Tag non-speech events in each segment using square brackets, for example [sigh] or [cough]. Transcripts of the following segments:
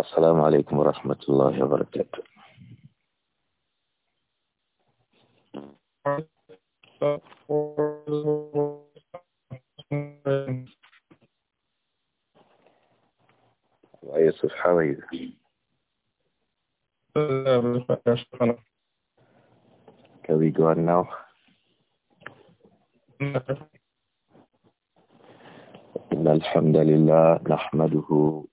السلام عليكم ورحمة الله وبركاته يوسف حميد Can we go on now? إن الحمد لله نحمده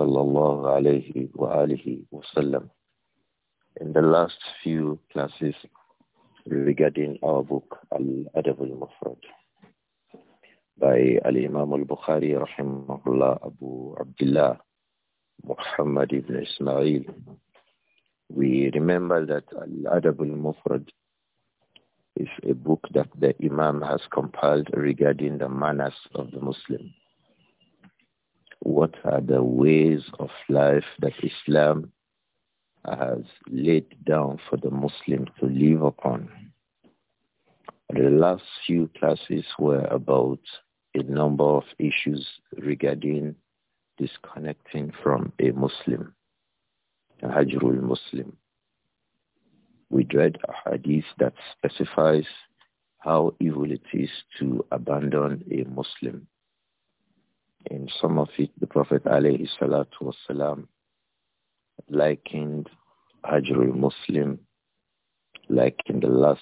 sallallahu alayhi wa alihi wasallam. In the last few classes regarding our book Al-Adab al-Mufrad by Al-Imam al-Bukhari rahimahullah Abu Abdullah Muhammad ibn Ismail. We remember that Al-Adab al-Mufrad is a book that the Imam has compiled regarding the manners of the Muslim what are the ways of life that Islam has laid down for the Muslim to live upon. The last few classes were about a number of issues regarding disconnecting from a Muslim, a Hajrul Muslim. We read a hadith that specifies how evil it is to abandon a Muslim. In some of it, the Prophet alayhi salatu wasalam likened Hajrul Muslim, like in the last,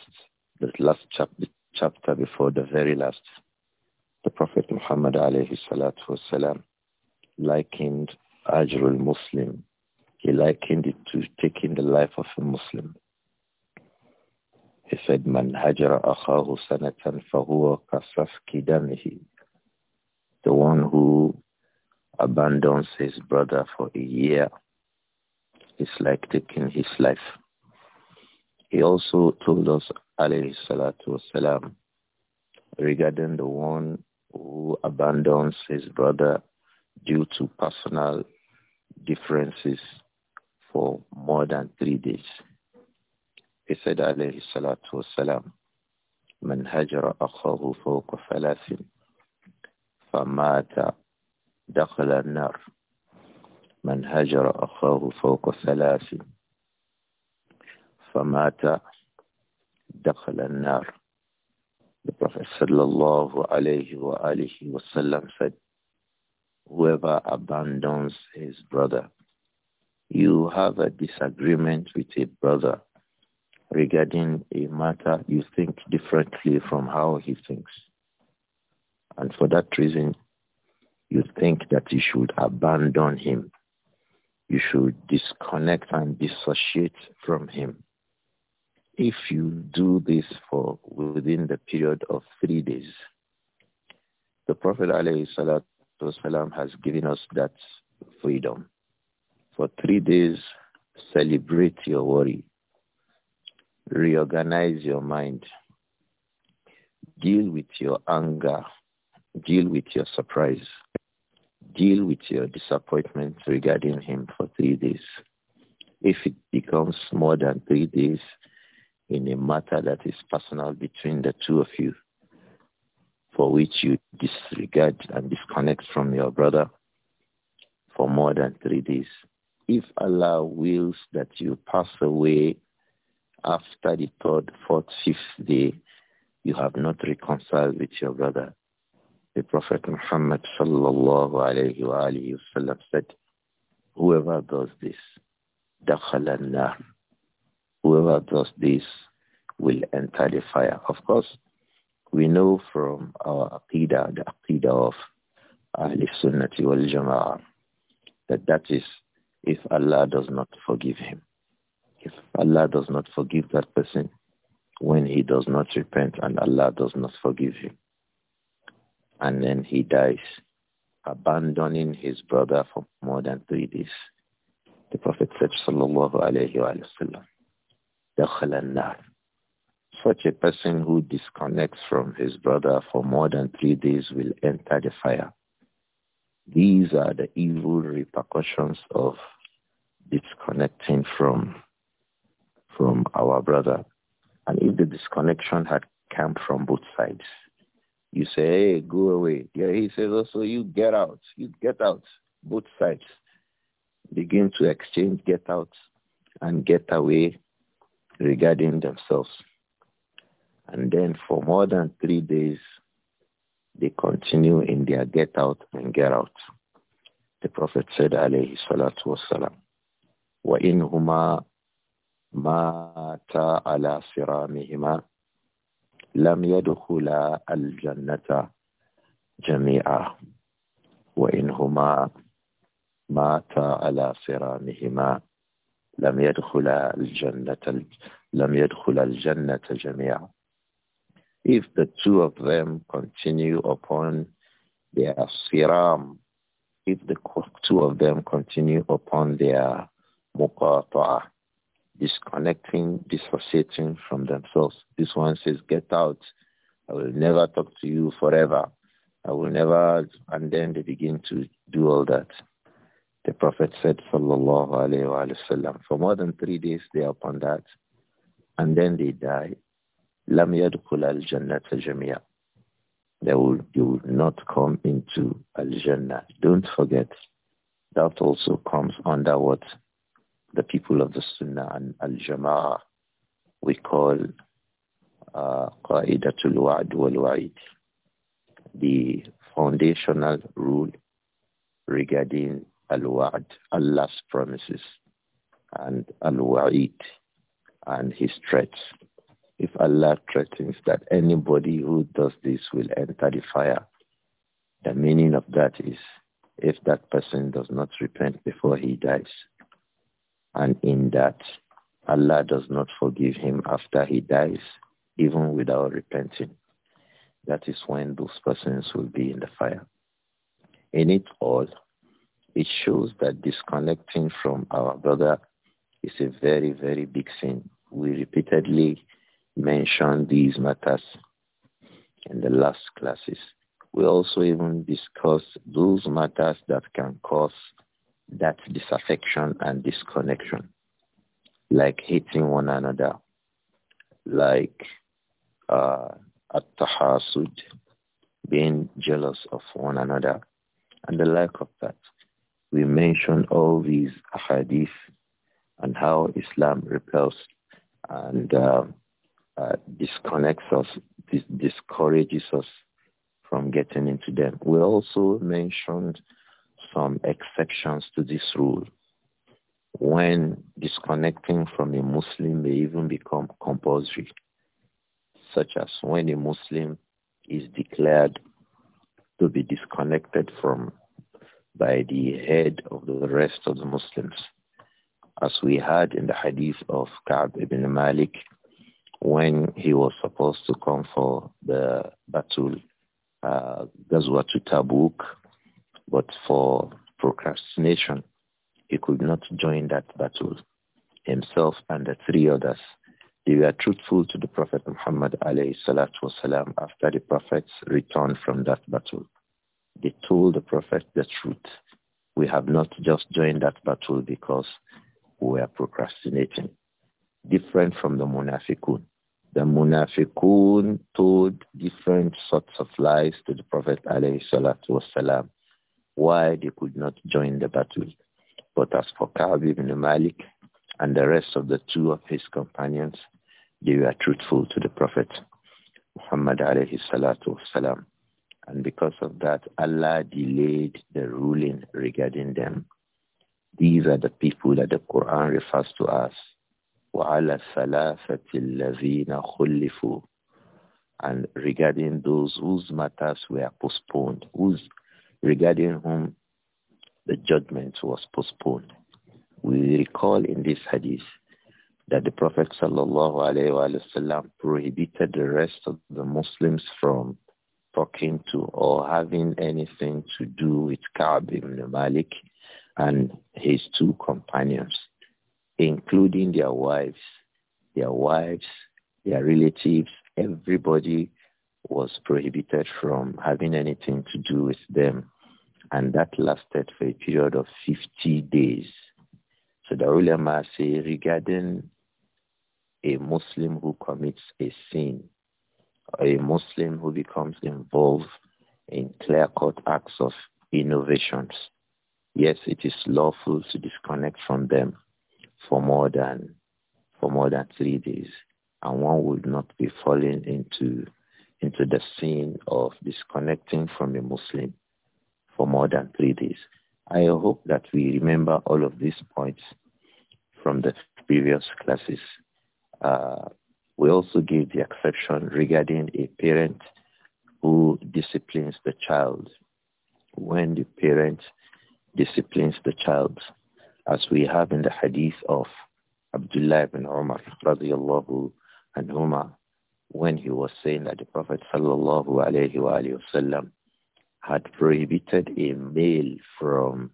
the last chap chapter before the very last, the Prophet Muhammad alayhi salatu wasalam likened Hajrul Muslim. He likened it to taking the life of a Muslim. He said, Man hajara akhahu sanatan fahuwa kasafki damihi. The one who abandons his brother for a year is like taking his life. He also told us, alayhi salatu wasalam, regarding the one who abandons his brother due to personal differences for more than three days. He said, alayhi salatu wasalam, من هجر أخاه فوق ثلاث فمات دخل النار من هجر أخاه فوق ثلاث فمات دخل النار The Prophet sallallahu alayhi wa said, whoever abandons his brother, you have a disagreement with a brother regarding a matter you think differently from how he thinks. And for that reason, you think that you should abandon him. You should disconnect and dissociate from him. If you do this for within the period of three days, the Prophet ﷺ has given us that freedom. For three days, celebrate your worry. Reorganize your mind. Deal with your anger Deal with your surprise. Deal with your disappointment regarding him for three days. If it becomes more than three days in a matter that is personal between the two of you, for which you disregard and disconnect from your brother for more than three days, if Allah wills that you pass away after the third, fourth, fifth day, you have not reconciled with your brother. The Prophet Muhammad sallallahu alayhi wa alayhi wasallam said, whoever does this, dakhalannar, whoever does this will enter the fire. Of course, we know from our aqidah, the aqidah of Ahlul Sunnati wal Jama'ah, that that is if Allah does not forgive him. If Allah does not forgive that person when he does not repent and Allah does not forgive him and then he dies, abandoning his brother for more than three days. The Prophet said, Sallallahu Alaihi Wasallam, Such a person who disconnects from his brother for more than three days will enter the fire. These are the evil repercussions of disconnecting from from our brother. And if the disconnection had come from both sides, you say, hey, go away. Yeah, he says also, you get out. You get out. Both sides begin to exchange get out and get away regarding themselves. And then for more than three days, they continue in their get out and get out. The Prophet said, alayhi salatu wasalam, وَإِنْهُمَا مَاتَا عَلَى صِرَامِهِمَا لم يدخلا الجنة جميعا وإنهما ماتا على صرامهما لم يدخلا الجنة لم يدخلا الجنة جميعا if the two of them continue upon their siram, if the two of them continue upon their muqata'a, disconnecting, dissociating from themselves. This one says, get out. I will never talk to you forever. I will never, and then they begin to do all that. The Prophet said, Sallallahu wa sallam." for more than three days they are upon that, and then they die. Lam yadkhul al-jannata They will, you will not come into al-jannah. Don't forget, that also comes under what? the people of the Sunnah and Al-Jama'ah we call uh, Qaidatul Wa'd wal Wa'id, the foundational rule regarding Al-Wa'd, Allah's promises, and Al-Wa'id, and his threats. If Allah threatens that anybody who does this will enter the fire, the meaning of that is if that person does not repent before he dies, and in that Allah does not forgive him after he dies, even without repenting. That is when those persons will be in the fire. In it all, it shows that disconnecting from our brother is a very, very big sin. We repeatedly mentioned these matters in the last classes. We also even discussed those matters that can cause that disaffection and disconnection, like hating one another, like uh, at-tahasud, being jealous of one another, and the like of that. We mention all these hadiths and how Islam repels and uh, uh, disconnects us, dis discourages us from getting into them. We also mentioned some exceptions to this rule. When disconnecting from a Muslim may even become compulsory, such as when a Muslim is declared to be disconnected from by the head of the rest of the Muslims. As we had in the hadith of Ka'b ibn Malik, when he was supposed to come for the battle, uh, Ghazwa to Tabuk, but for procrastination, he could not join that battle. Himself and the three others, they were truthful to the Prophet Muhammad wasalam, after the Prophet's return from that battle. They told the Prophet the truth. We have not just joined that battle because we are procrastinating. Different from the Munafiqun. The Munafiqun told different sorts of lies to the Prophet alayhi salatu wasalam why they could not join the battle. But as for Ka'b ibn Malik and the rest of the two of his companions, they were truthful to the Prophet Muhammad alayhi salatu wasalam. And because of that, Allah delayed the ruling regarding them. These are the people that the Quran refers to as وعلى الثلاثة الذين and regarding those whose matters were postponed, whose regarding whom the judgment was postponed. We recall in this hadith that the Prophet sallallahu prohibited the rest of the Muslims from talking to or having anything to do with Ka'b ibn Malik and his two companions, including their wives, their wives, their relatives, everybody was prohibited from having anything to do with them. And that lasted for a period of 50 days. So the ulama say regarding a Muslim who commits a sin, a Muslim who becomes involved in clear-cut acts of innovations, yes, it is lawful to disconnect from them for more than for more than three days, and one would not be falling into into the sin of disconnecting from a Muslim for more than three days. I hope that we remember all of these points from the previous classes. Uh, we also give the exception regarding a parent who disciplines the child. When the parent disciplines the child, as we have in the hadith of Abdullah ibn Umar radiallahu anhuma, when he was saying that the Prophet had prohibited a male from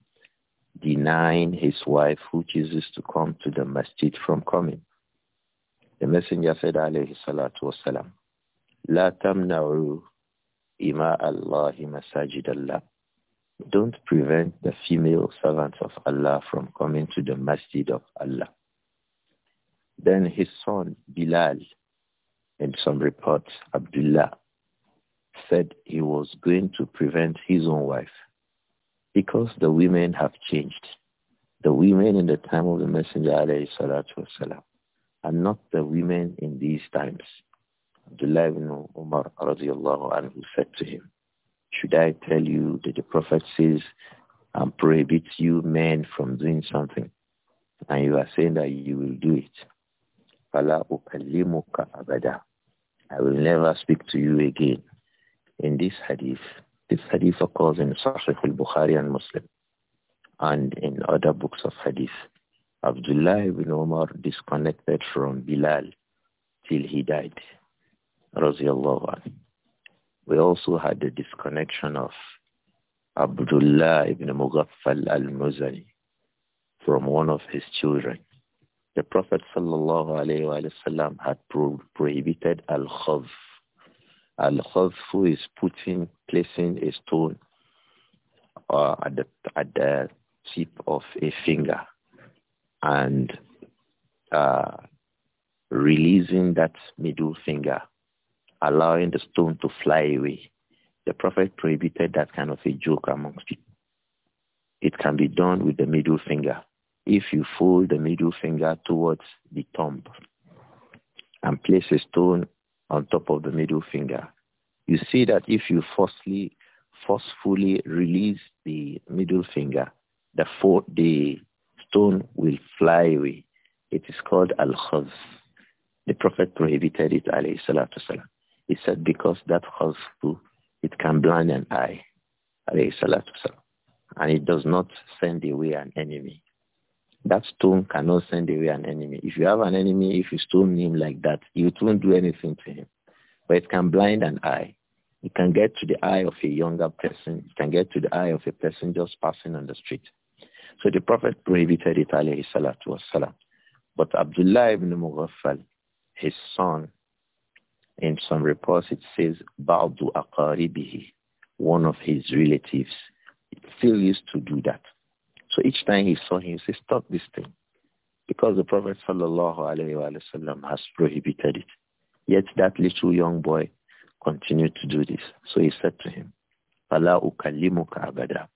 denying his wife who chooses to come to the masjid from coming. The messenger said alayhi salatu wasalam, La tamna'u ima Allahi masajid Allah. Don't prevent the female servants of Allah from coming to the masjid of Allah. Then his son, Bilal, in some reports, Abdullah said he was going to prevent his own wife because the women have changed. The women in the time of the Messenger والسلام, are not the women in these times. Abdullah ibn Umar radiallahu anhu said to him, should I tell you that the Prophet says, and prohibits you men from doing something, and you are saying that you will do it. I will never speak to you again. In this hadith, this hadith occurs in Sahih al-Bukhari and Muslim and in other books of hadith. Abdullah ibn Umar disconnected from Bilal till he died. Radiallahu anhu. We also had the disconnection of Abdullah ibn Mughaffal al-Muzani from one of his children. The Prophet وسلم, had prohibited al-khav. Al-khavfu is putting, placing a stone uh, at, the, at the tip of a finger and uh, releasing that middle finger, allowing the stone to fly away. The Prophet prohibited that kind of a joke amongst people. It can be done with the middle finger if you fold the middle finger towards the thumb and place a stone on top of the middle finger, you see that if you forcefully, forcefully release the middle finger, the, for, the stone will fly away. It is called al-khaz. The Prophet prohibited it, alayhi salatu salam. He said, because that khaz too, it can blind an eye, alayhi salatu salam. And it does not send away an enemy that stone cannot send away an enemy. If you have an enemy, if you stone him like that, it won't do anything to him. But it can blind an eye. It can get to the eye of a younger person. It can get to the eye of a person just passing on the street. So the Prophet prohibited it, alayhi salatu wasalam. But Abdullah ibn Mughaffal, his son, in some reports it says, Ba'du aqaribihi, one of his relatives, still used to do that. So each time he saw him, he said, stop this thing. Because the Prophet wasallam has prohibited it. Yet that little young boy continued to do this. So he said to him, فَلَا أُكَلِّمُكَ أَبَدًا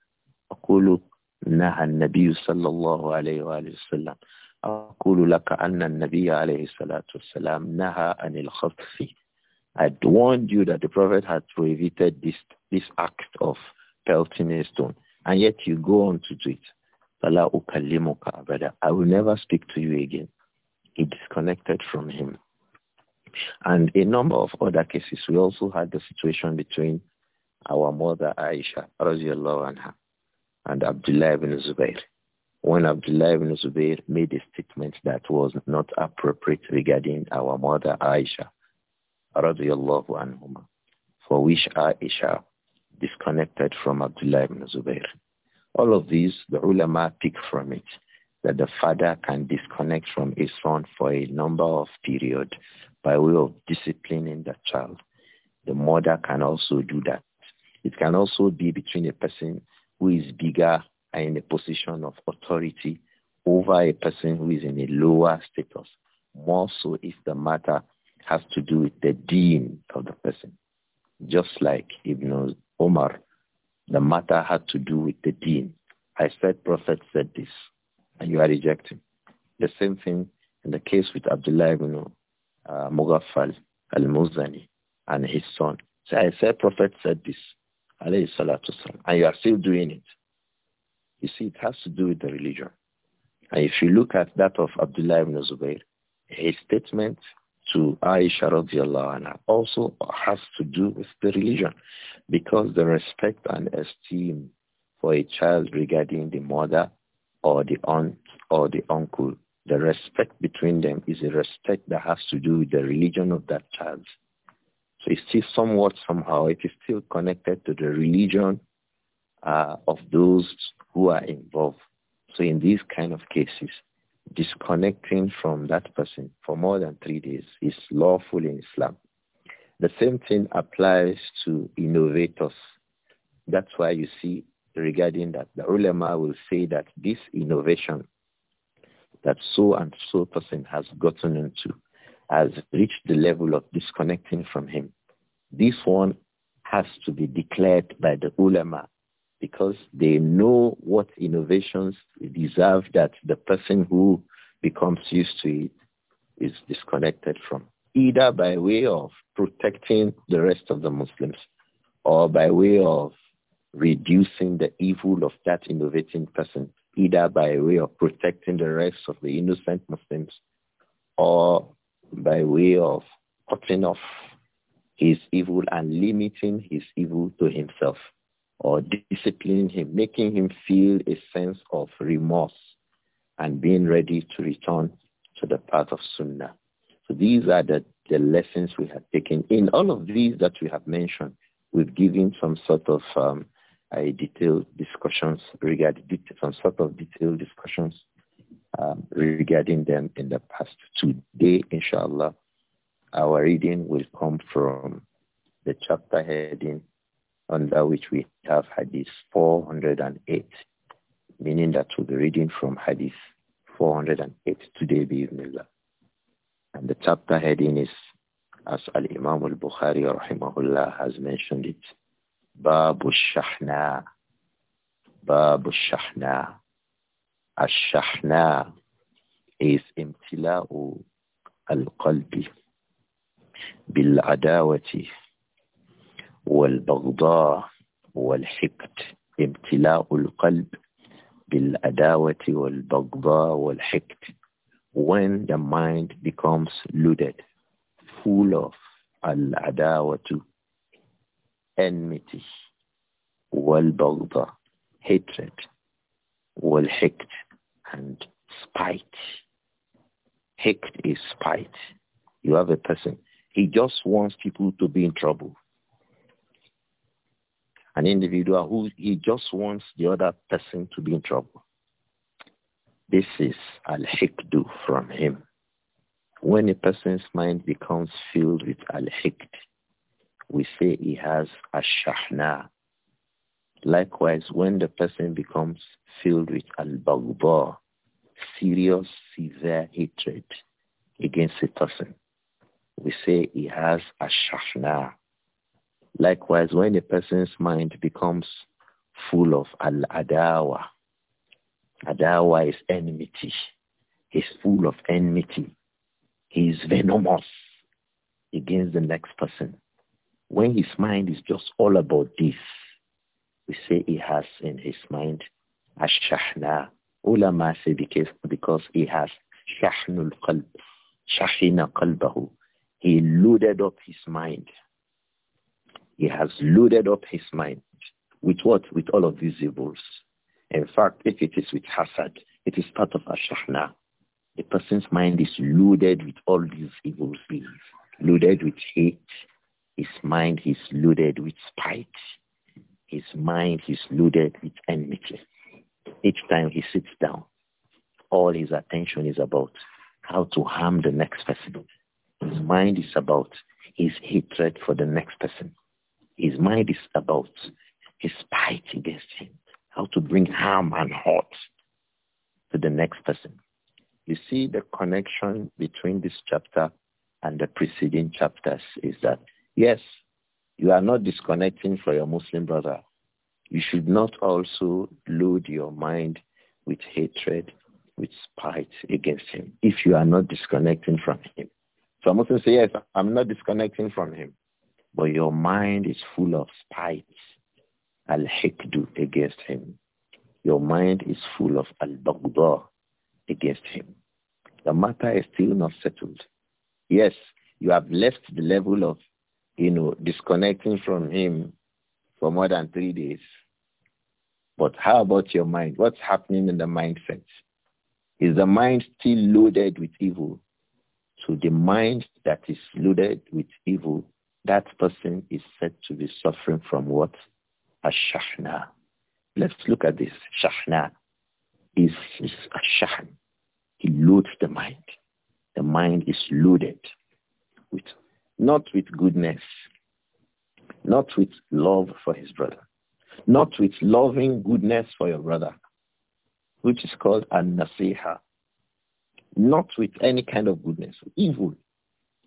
أَقُولُ نَهَى النَّبِيُّ صلى الله عليه وآله وسلم أقول لك أن النبي عليه الصلاة والسلام نهى عن الخطف I warned you that the Prophet had prohibited this, this act of pelting a stone, and yet you go on to do it. فَلَا أُكَلِّمُكَ brother. I will never speak to you again. He disconnected from him. And a number of other cases, we also had the situation between our mother Aisha, radiallahu anha, and Abdullah ibn Zubair. When Abdullah ibn Zubair made a statement that was not appropriate regarding our mother Aisha, anhuma, for which Aisha disconnected from Abdullah ibn Zubair. All of these, the ulama pick from it that the father can disconnect from his son for a number of period by way of disciplining the child. The mother can also do that. It can also be between a person who is bigger and in a position of authority over a person who is in a lower status, more so if the matter has to do with the dean of the person. Just like Ibn Omar the matter had to do with the deen. I said Prophet said this, and you are rejecting. The same thing in the case with Abdullah ibn uh, Mughaffal al-Muzani and his son. So I said Prophet said this, and you are still doing it. You see, it has to do with the religion. And if you look at that of Abdullah ibn Zubayr, his statement to Aisha radiallahu anha also has to do with the religion because the respect and esteem for a child regarding the mother or the aunt or the uncle, the respect between them is a respect that has to do with the religion of that child. So it's still somewhat somehow, it is still connected to the religion uh, of those who are involved. So in these kind of cases, disconnecting from that person for more than three days is lawful in Islam. The same thing applies to innovators. That's why you see regarding that the ulama will say that this innovation that so and so person has gotten into has reached the level of disconnecting from him. This one has to be declared by the ulama because they know what innovations deserve that the person who becomes used to it is disconnected from, either by way of protecting the rest of the Muslims or by way of reducing the evil of that innovating person, either by way of protecting the rest of the innocent Muslims or by way of cutting off his evil and limiting his evil to himself or disciplining him, making him feel a sense of remorse and being ready to return to the path of Sunnah. So these are the, the lessons we have taken. In all of these that we have mentioned, we've given some sort of um, a detailed discussions regarding some sort of detailed discussions um, regarding them in the past. Today, inshallah, our reading will come from the chapter heading under which we have Hadith 408, meaning that we'll be reading from Hadith 408 today, Bismillah. And the chapter heading is, as Al-Imam al-Bukhari rahimahullah has mentioned it, Babu Shahna. Babu Shahna. Ash-Shahna is imtila'u al-qalbi bil-adawati والبغضاء والحقد ابتلاء القلب بالعداوة والبغضاء والحقد when the mind becomes loaded full of al-adawatu enmity wal-baghda hatred wal and spite hiqd is spite you have a person he just wants people to be in trouble an individual who he just wants the other person to be in trouble. This is al-hikdu from him. When a person's mind becomes filled with al-hikd, we say he has a shahna Likewise, when the person becomes filled with al-baghba, serious, severe hatred against a person, we say he has a shahna Likewise, when a person's mind becomes full of al-adawa, adawa is enmity. He's full of enmity. He is venomous against the next person. When his mind is just all about this, we say he has in his mind ash-shahna. Ulama say because, because he has shahnul qalb, shahina qalbahu. He loaded up his mind he has loaded up his mind with what? With all of these evils. In fact, if it is with hazard, it is part of ashahna. A person's mind is loaded with all these evil things, loaded with hate. His mind is loaded with spite. His mind is loaded with enmity. Each time he sits down, all his attention is about how to harm the next person. His mind is about his hatred for the next person. His mind is about his spite against him, how to bring harm and hurt to the next person. You see the connection between this chapter and the preceding chapters is that, yes, you are not disconnecting from your Muslim brother. You should not also load your mind with hatred, with spite against him, if you are not disconnecting from him. So Muslims say, yes, I'm not disconnecting from him. But your mind is full of spite, al-hikdu against him. Your mind is full of al-baghdha against him. The matter is still not settled. Yes, you have left the level of, you know, disconnecting from him for more than three days. But how about your mind? What's happening in the mindset? Is the mind still loaded with evil? So the mind that is loaded with evil that person is said to be suffering from what? A shahna. Let's look at this. Shahna is, is ashahn. He loads the mind. The mind is loaded with, not with goodness, not with love for his brother, not with loving goodness for your brother, which is called a nasiha, not with any kind of goodness, evil,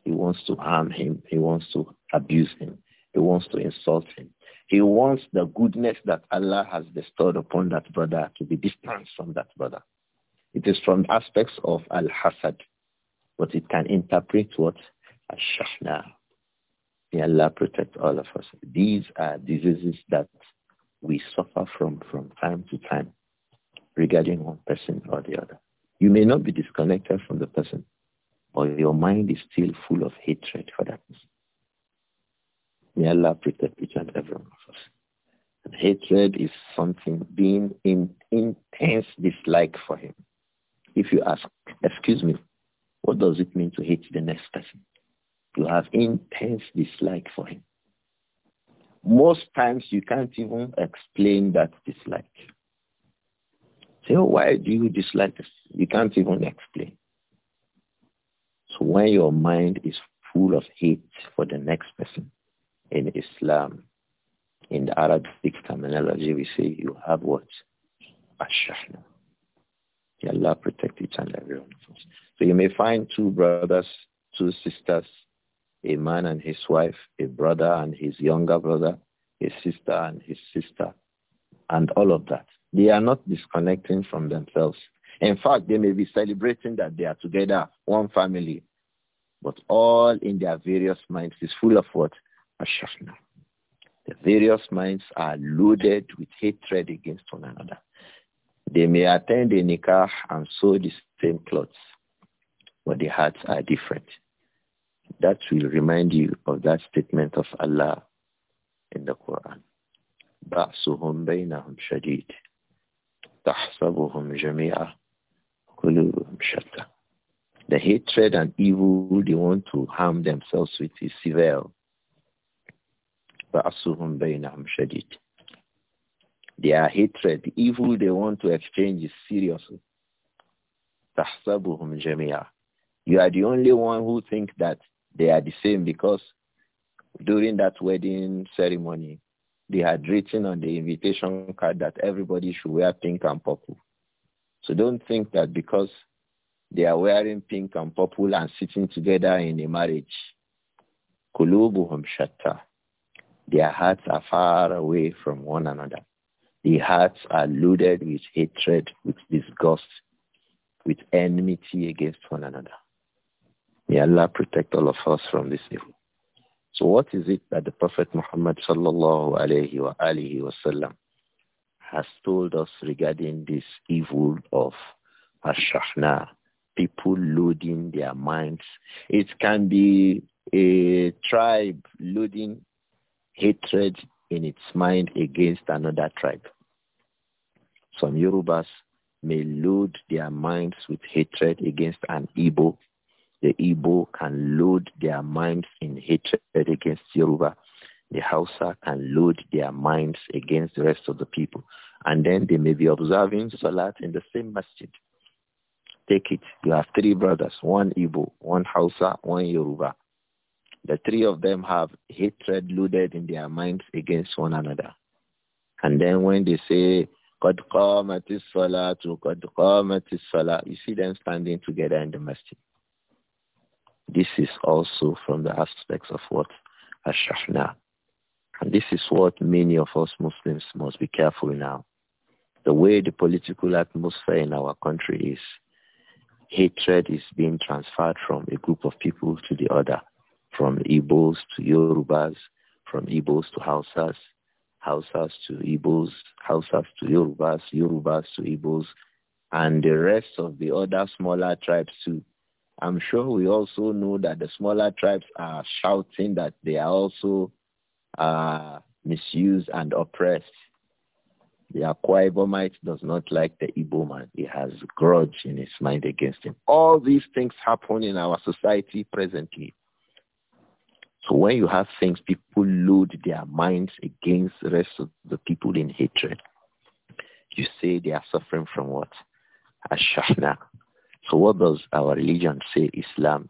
he wants to harm him. He wants to abuse him. He wants to insult him. He wants the goodness that Allah has bestowed upon that brother to be distanced from that brother. It is from aspects of al-hasad, but it can interpret what? al shahna May Allah protect all of us. These are diseases that we suffer from from time to time regarding one person or the other. You may not be disconnected from the person, or your mind is still full of hatred for that person. May Allah protect each and every one of us. And hatred is something being in intense dislike for him. If you ask, excuse me, what does it mean to hate the next person? You have intense dislike for him. Most times you can't even explain that dislike. Say, so oh, why do you dislike this? You can't even explain. So when your mind is full of hate for the next person in Islam, in the Arabic terminology, we say you have what? Ashahna. May Allah protect each and every one of us. So you may find two brothers, two sisters, a man and his wife, a brother and his younger brother, a sister and his sister, and all of that. They are not disconnecting from themselves. In fact, they may be celebrating that they are together, one family, but all in their various minds is full of what? Ashafna. The various minds are loaded with hatred against one another. They may attend the nikah and sew the same clothes, but the hearts are different. That will remind you of that statement of Allah in the Quran. بَعْصُهُمْ بَيْنَهُمْ شَدِيدٌ تَحْسَبُهُمْ جَمِيعًا the hatred and evil they want to harm themselves with is severe. Their hatred, the evil they want to exchange is serious. You are the only one who thinks that they are the same because during that wedding ceremony, they had written on the invitation card that everybody should wear pink and purple. So don't think that because they are wearing pink and purple and sitting together in a marriage, kulubuhum shatta. Their hearts are far away from one another. The hearts are loaded with hatred, with disgust, with enmity against one another. May Allah protect all of us from this evil. So what is it that the Prophet Muhammad sallallahu alayhi wa alihi wasallam has told us regarding this evil of ashahna, people loading their minds. It can be a tribe loading hatred in its mind against another tribe. Some Yorubas may load their minds with hatred against an Igbo. The Igbo can load their minds in hatred against Yoruba the Hausa can load their minds against the rest of the people. And then they may be observing Salat in the same masjid. Take it. You have three brothers, one Igbo, one Hausa, one Yoruba. The three of them have hatred loaded in their minds against one another. And then when they say, قد قامت الصلاة قد قامت الصلاة You see them standing together in the masjid. This is also from the aspects of what Ashrafna. And this is what many of us Muslims must be careful now. The way the political atmosphere in our country is, hatred is being transferred from a group of people to the other, from Igbos to Yorubas, from Igbos to Hausas, Hausas to Igbos, Hausas to Yorubas, Yorubas to Igbos, and the rest of the other smaller tribes too. I'm sure we also know that the smaller tribes are shouting that they are also are misused and oppressed. The Akwa Ibomite does not like the Igbo man. He has grudge in his mind against him. All these things happen in our society presently. So when you have things, people load their minds against the rest of the people in hatred. You say they are suffering from what? Ashafna. So what does our religion say, Islam,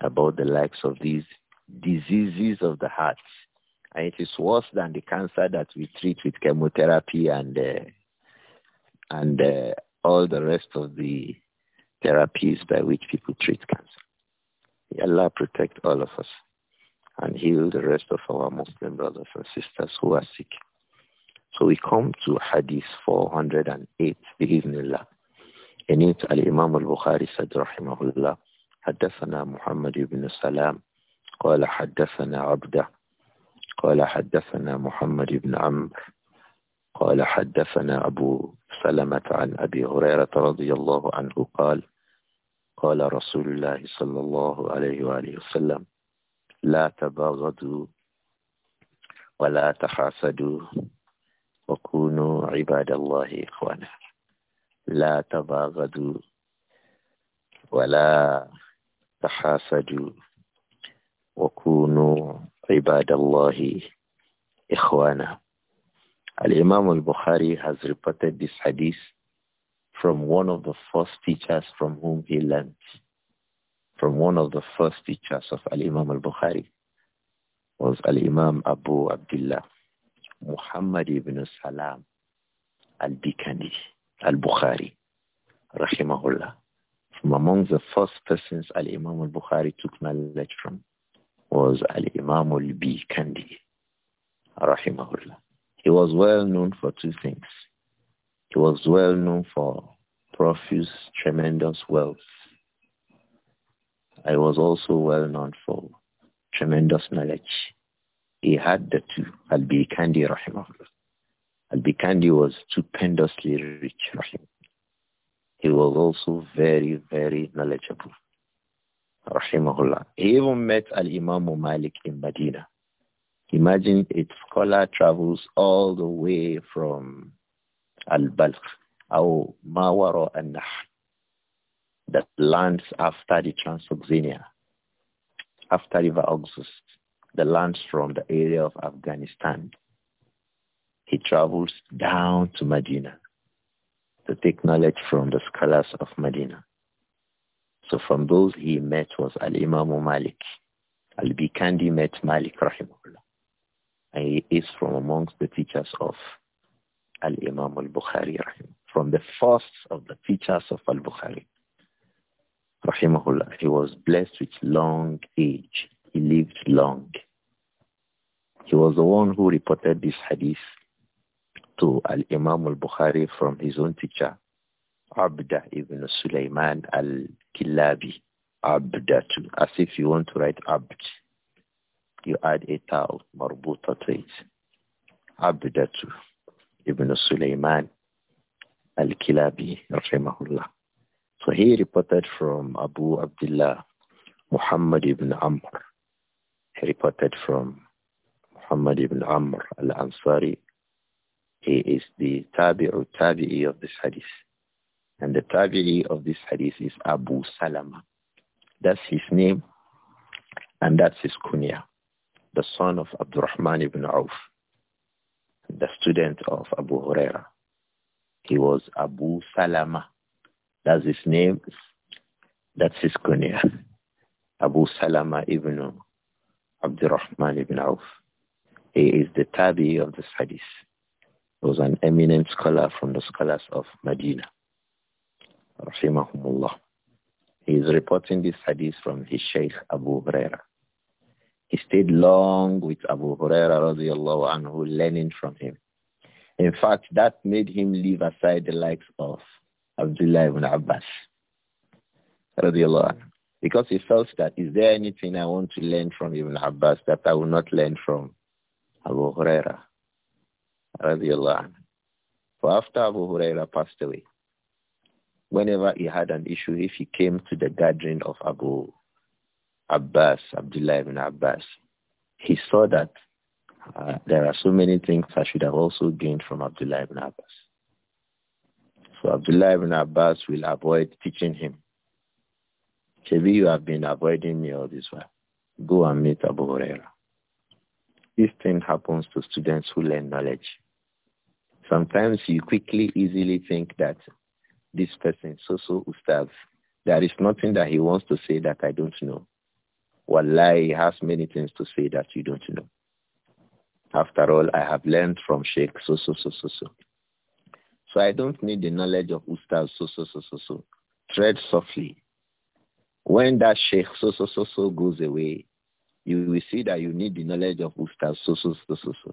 about the likes of these diseases of the hearts? And it is worse than the cancer that we treat with chemotherapy and uh, and uh, all the rest of the therapies by which people treat cancer. May Allah protect all of us and heal the rest of our Muslim brothers and sisters who are sick. So we come to Hadith 408, Biiznillah. In it, Al-Imam al-Bukhari said, Rahimahullah, حدثنا محمد بن سلام قال حدثنا عبده قال حدثنا محمد بن عمرو قال حدثنا أبو سلمة عن أبي هريرة رضي الله عنه قال قال رسول الله صلى الله عليه وآله وسلم لا تباغضوا ولا تحاسدوا وكونوا عباد الله إخوانا لا تباغضوا ولا تحاسدوا وكونوا عباد الله al Al-Imam al-Bukhari has reported this hadith from one of the first teachers from whom he learned, from one of the first teachers of Al-Imam al-Bukhari was Al-Imam Abu Abdullah Muhammad ibn Salam al-Bikani al-Bukhari rahimahullah. From among the first persons Al-Imam al-Bukhari took knowledge from was Al-Imam al-Bikandi, rahimahullah. He was well known for two things. He was well known for profuse, tremendous wealth. I was also well known for tremendous knowledge. He had the two, Al-Bikandi, rahimahullah. Al-Bikandi was stupendously rich, rahimahullah. He was also very, very knowledgeable rahimahullah. He even met Al-Imam Malik in Medina. Imagine a scholar travels all the way from Al-Balkh, or Mawara and Nahr, that lands after the Transoxania, after River Oxus, the lands from the area of Afghanistan. He travels down to Medina to take knowledge from the scholars of Medina. So from those he met was Al-Imam Malik. Al-Bikandi met Malik Rahimullah, And he is from amongst the teachers of Al-Imam al-Bukhari From the first of the teachers of Al-Bukhari rahimahullah. He was blessed with long age. He lived long. He was the one who reported this hadith to Al-Imam al-Bukhari from his own teacher, Abda ibn Sulaiman al-Kilabi. Abdatu, as if you want to write Abd. You add a tau, marbuta to it. Abdatu ibn Sulaiman al-Kilabi, rahimahullah. So he reported from Abu Abdullah Muhammad ibn Amr. He reported from Muhammad ibn Amr al-Ansari. He is the tabi'u tabi'i of this hadith. And the tabi'i of this hadith is Abu Salama. That's his name and that's his kunya, the son of Abdurrahman ibn Auf, the student of Abu Huraira. He was Abu Salama. That's his name. That's his kunya. Abu Salama ibn Abdurrahman ibn Auf. He is the tabi of this hadith. He was an eminent scholar from the scholars of Medina rahimahumullah. He is reporting this hadith from his Shaykh Abu Huraira. He stayed long with Abu Huraira radiallahu anhu, learning from him. In fact, that made him leave aside the likes of Abdullah ibn Abbas radiallahu anhu. Because he felt that, is there anything I want to learn from Ibn Abbas that I will not learn from Abu Huraira radiallahu anhu? So after Abu Huraira passed away, whenever he had an issue, if he came to the gathering of Abu Abbas, Abdullah ibn Abbas, he saw that uh, there are so many things I should have also gained from Abdullah ibn Abbas. So Abdullah ibn Abbas will avoid teaching him. Maybe you have been avoiding me all this while. Go and meet Abu Huraira. This thing happens to students who learn knowledge. Sometimes you quickly, easily think that this person, so so Ustav, there is nothing that he wants to say that I don't know. Wallahi, he has many things to say that you don't know. After all, I have learned from Sheikh so so so so so. So I don't need the knowledge of Ustav so so so so so. Tread softly. When that Sheikh so so so so goes away, you will see that you need the knowledge of Ustav so so so so so.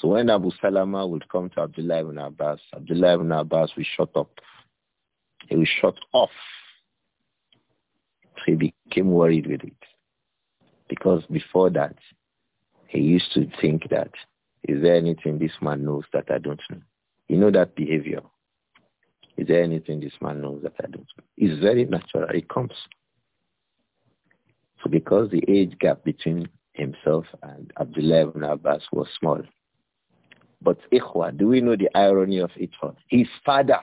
So when Abu Salama would come to Abdullah ibn Abbas, Abdullah ibn Abbas will shut up. He will shut off. He became worried with it. Because before that, he used to think that, is there anything this man knows that I don't know? You know that behavior. Is there anything this man knows that I don't know? It's very natural. It comes. So because the age gap between himself and Abdullah ibn Abbas was small, but Ikhwan, do we know the irony of it all? His father,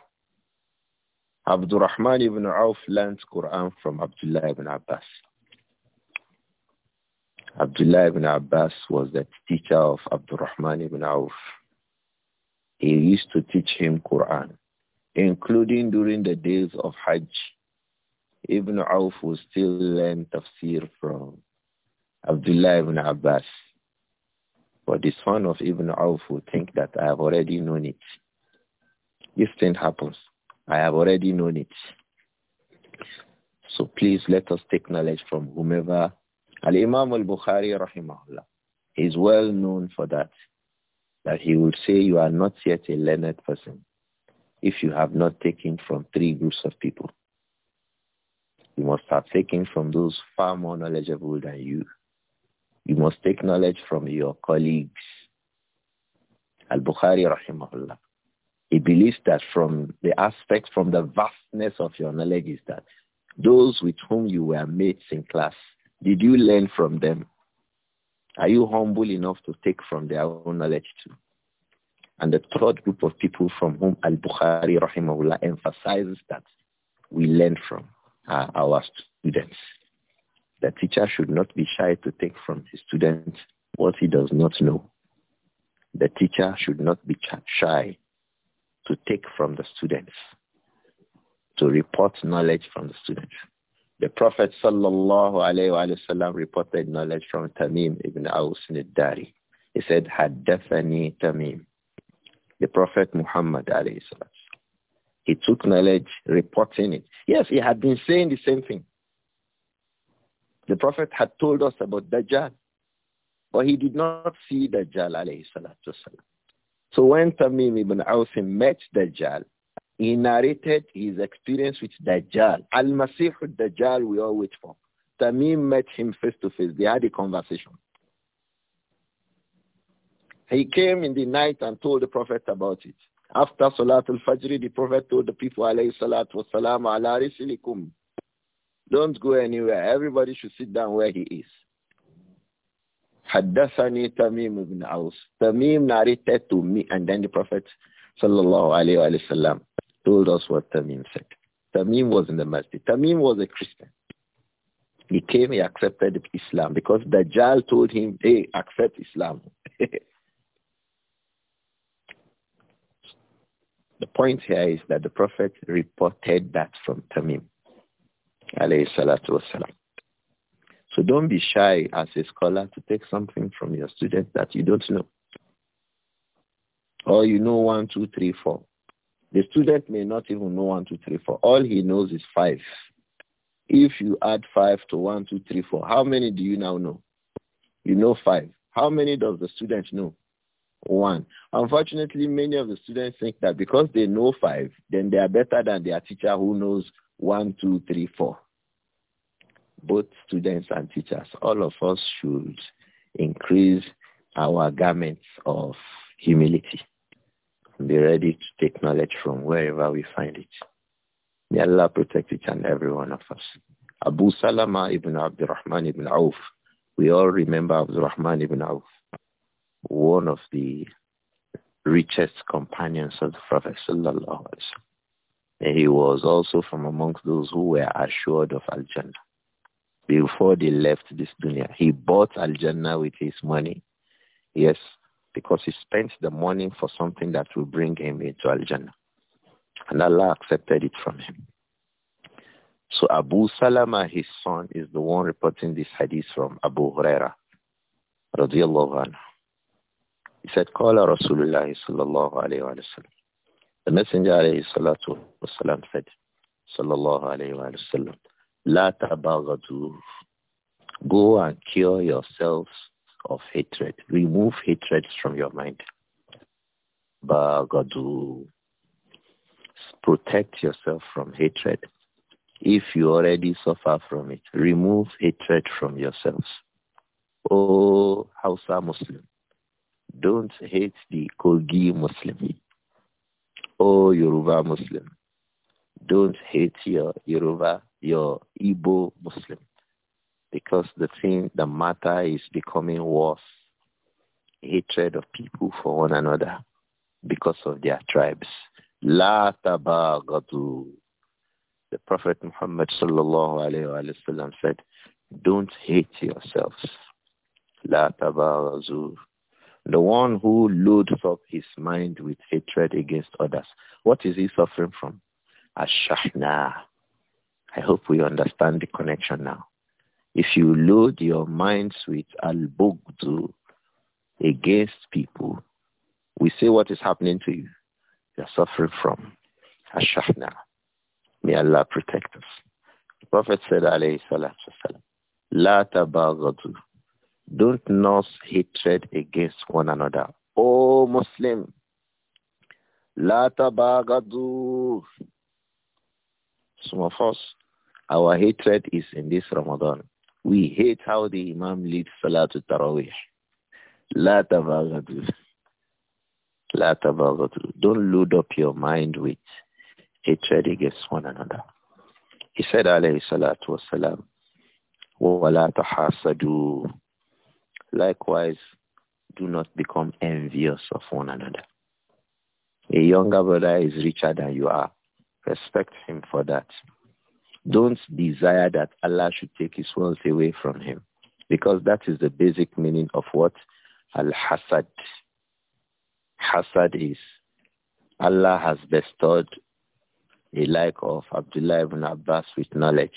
Abdurrahman ibn Auf, learned Quran from Abdullah ibn Abbas. Abdullah ibn Abbas was the teacher of Abdurrahman ibn Auf. He used to teach him Quran, including during the days of Hajj. Ibn Auf was still learn tafsir from Abdullah ibn Abbas. But the son of Ibn Auf will think that I have already known it. This thing happens. I have already known it. So please let us take knowledge from whomever. Al-Imam al-Bukhari rahimahullah is well known for that, that he will say you are not yet a learned person if you have not taken from three groups of people. You must have taken from those far more knowledgeable than you you must take knowledge from your colleagues. Al-Bukhari, rahimahullah. He believes that from the aspect, from the vastness of your knowledge is that those with whom you were mates in class, did you learn from them? Are you humble enough to take from their own knowledge too? And the third group of people from whom Al-Bukhari rahimahullah emphasizes that we learn from are our students. The teacher should not be shy to take from his student what he does not know. The teacher should not be shy to take from the students, to report knowledge from the students. The Prophet sallallahu alaihi wasallam reported knowledge from Tamim ibn Aus al-Dari. He said, Haddathani Tamim. The Prophet Muhammad alayhi salam. He took knowledge, reporting it. Yes, he had been saying the same thing. The Prophet had told us about Dajjal, but he did not see Dajjal alayhi salatu So when Tamim ibn Awsim met Dajjal, he narrated his experience with Dajjal. Al-Masih al-Dajjal we all wait for. Tamim met him face to face. They had a conversation. He came in the night and told the Prophet about it. After Salat al-Fajr, the Prophet told the people, alayhi salatu wasalam, ala risilikum, don't go anywhere. Everybody should sit down where he is. Haddathani Tamim ibn Aus. Tamim narrated to me and then the Prophet sallallahu alayhi wa, alayhi told us what Tamim said. Tamim was in the masjid. Tamim was a Christian. He came, he accepted Islam because Dajjal told him, hey, accept Islam. [laughs] the point here is that the Prophet reported that from Tamim alayhi salatu wasalam. So don't be shy as a scholar to take something from your student that you don't know. Or you know one, two, three, four. The student may not even know one, two, three, four. All he knows is five. If you add five to one, two, three, four, how many do you now know? You know five. How many does the student know? One. Unfortunately, many of the students think that because they know five, then they are better than their teacher who knows one, two, three, four both students and teachers, all of us should increase our garments of humility. Be ready to take knowledge from wherever we find it. May Allah protect each and every one of us. Abu Salama ibn Abdurrahman ibn Auf. We all remember Abdurrahman ibn Auf, one of the richest companions of the Prophet sallallahu alaihi wasallam. He was also from amongst those who were assured of Al-Jannah before they left this dunya. He bought Al-Jannah with his money. Yes, because he spent the money for something that will bring him into Al-Jannah. And Allah accepted it from him. So Abu Salama, his son, is the one reporting this hadith from Abu Huraira. Radiallahu anhu. He said, our Rasulullah sallallahu alayhi wa sallam. The messenger alayhi salatu wasalam said, sallallahu alayhi wa sallam, go and cure yourselves of hatred. Remove hatred from your mind. Bagadu, protect yourself from hatred. If you already suffer from it, remove hatred from yourselves. Oh, Hausa Muslim, don't hate the Kogi Muslim. Oh, Yoruba Muslim, don't hate your Yoruba your Igbo Muslim because the thing, the matter is becoming worse. Hatred of people for one another because of their tribes. La tabagadu. The Prophet Muhammad sallallahu alayhi wa sallam said, don't hate yourselves. La tabagadu. The one who loads up his mind with hatred against others, what is he suffering from? Ashahna. I hope we understand the connection now. If you load your minds with al-bughdu against people, we say what is happening to you. You're suffering from ashahna. May Allah protect us. The Prophet said, alayhi salatu wasalam, La Don't nurse hatred against one another. O Muslim, La tabaghadu. Some of us, our hatred is in this Ramadan. We hate how the Imam leads Salatul Tarawih. La tabaghadu. La Don't load up your mind with hatred against one another. He said, alayhi salatu wasalam, وَلَا تَحَاسَدُوا Likewise, do not become envious of one another. A younger brother is richer than you are. Respect him for that. Don't desire that Allah should take his wealth away from him because that is the basic meaning of what al-hasad. Hasad is Allah has bestowed a like of Abdullah ibn Abbas with knowledge.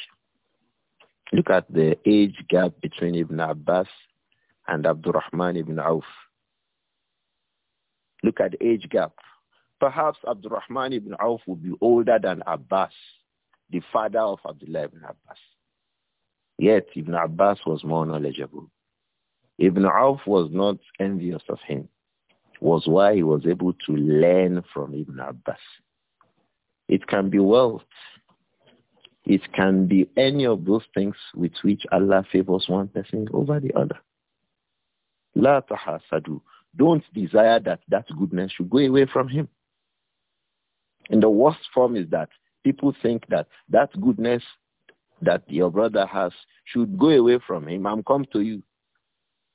Look at the age gap between Ibn Abbas and Abdurrahman ibn Auf. Look at the age gap. Perhaps Abdurrahman ibn Auf would be older than Abbas the father of Abdullah ibn Abbas. Yet Ibn Abbas was more knowledgeable. Ibn Auf was not envious of him, was why he was able to learn from Ibn Abbas. It can be wealth. It can be any of those things with which Allah favors one person over the other. La tahasadu. Don't desire that that goodness should go away from him. And the worst form is that people think that that goodness that your brother has should go away from him and come to you.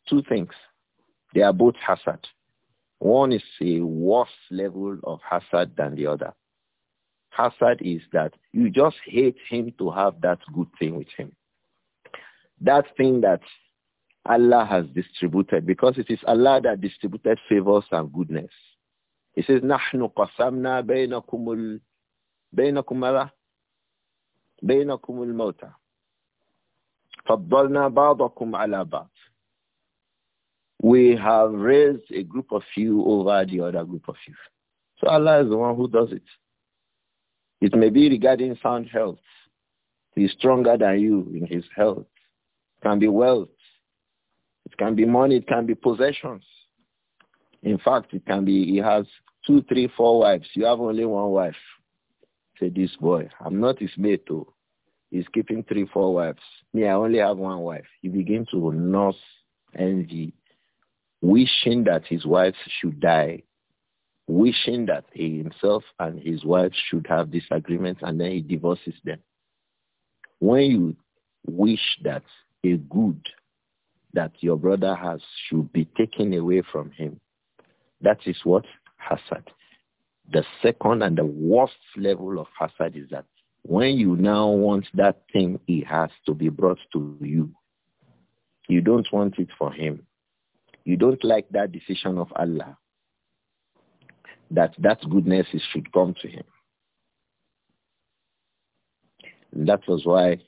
Two things. They are both hazard. One is a worse level of hazard than the other. Hazard is that you just hate him to have that good thing with him. That thing that Allah has distributed because it is Allah that distributed favors and goodness. He says, نَحْنُ قَسَمْنَا بَيْنَكُمُ بينكم ماذا بينكم الموتى فضلنا بعضكم على بعض we have raised a group of you over the other group of you. So Allah is the one who does it. It may be regarding sound health. He's stronger than you in his health. It can be wealth. It can be money. It can be possessions. In fact, it can be he has two, three, four wives. You have only one wife. Say, this boy, I'm not his mate, too. Oh. He's keeping three, four wives. Me, I only have one wife. He begins to nurse envy, wishing that his wives should die, wishing that he himself and his wife should have disagreement, and then he divorces them. When you wish that a good that your brother has should be taken away from him, that is what? Hazard. The second and the worst level of hazard is that when you now want that thing he has to be brought to you, you don't want it for him. You don't like that decision of Allah that that goodness should come to him. And that was why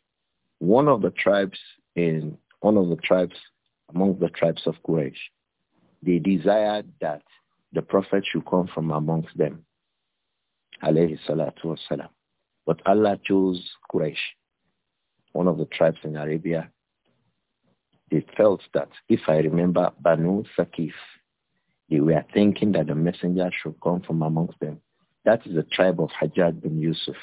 one of the tribes in one of the tribes among the tribes of Quraysh, they desired that the prophet should come from amongst them alayhi salatu wasalam. But Allah chose Quraysh, one of the tribes in Arabia. They felt that, if I remember, Banu Sakif, they were thinking that the messenger should come from amongst them. That is the tribe of Hajjaj bin Yusuf.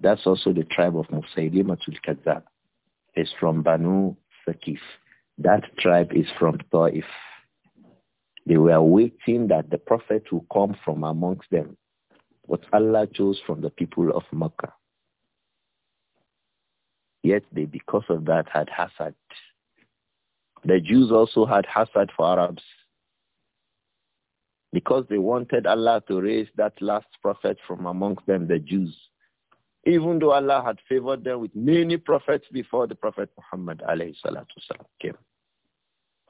That's also the tribe of al Kadzab. It's from Banu Sakif. That tribe is from Ta'if. They were waiting that the prophet will come from amongst them. What Allah chose from the people of Makkah. Yet they, because of that, had hasad. The Jews also had hasad for Arabs. Because they wanted Allah to raise that last prophet from amongst them, the Jews. Even though Allah had favored them with many prophets before the Prophet Muhammad came.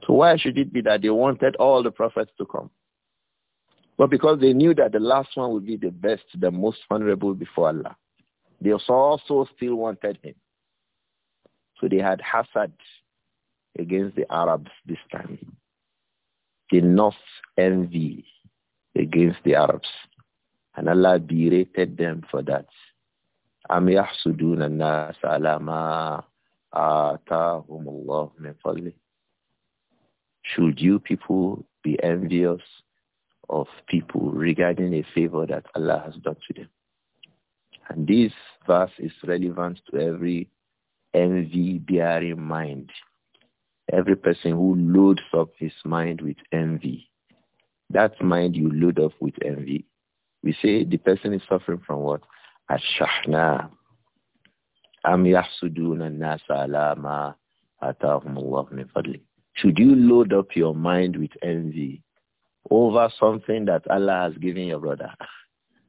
So why should it be that they wanted all the prophets to come? But because they knew that the last one would be the best, the most honorable before Allah, they also still wanted him. So they had hazard against the Arabs this time. They not envy against the Arabs. And Allah berated them for that. أَمْ يَحْسُدُونَ النَّاسَ عَلَى مَا آتَاهُمُ اللَّهُ مِنْ فَضْلِهِ Should you people be envious of people regarding a favor that Allah has done to them. And this verse is relevant to every envy-bearing mind, every person who loads up his mind with envy. That mind you load up with envy. We say the person is suffering from what? Ashahna. Am Should you load up your mind with envy over something that Allah has given your brother.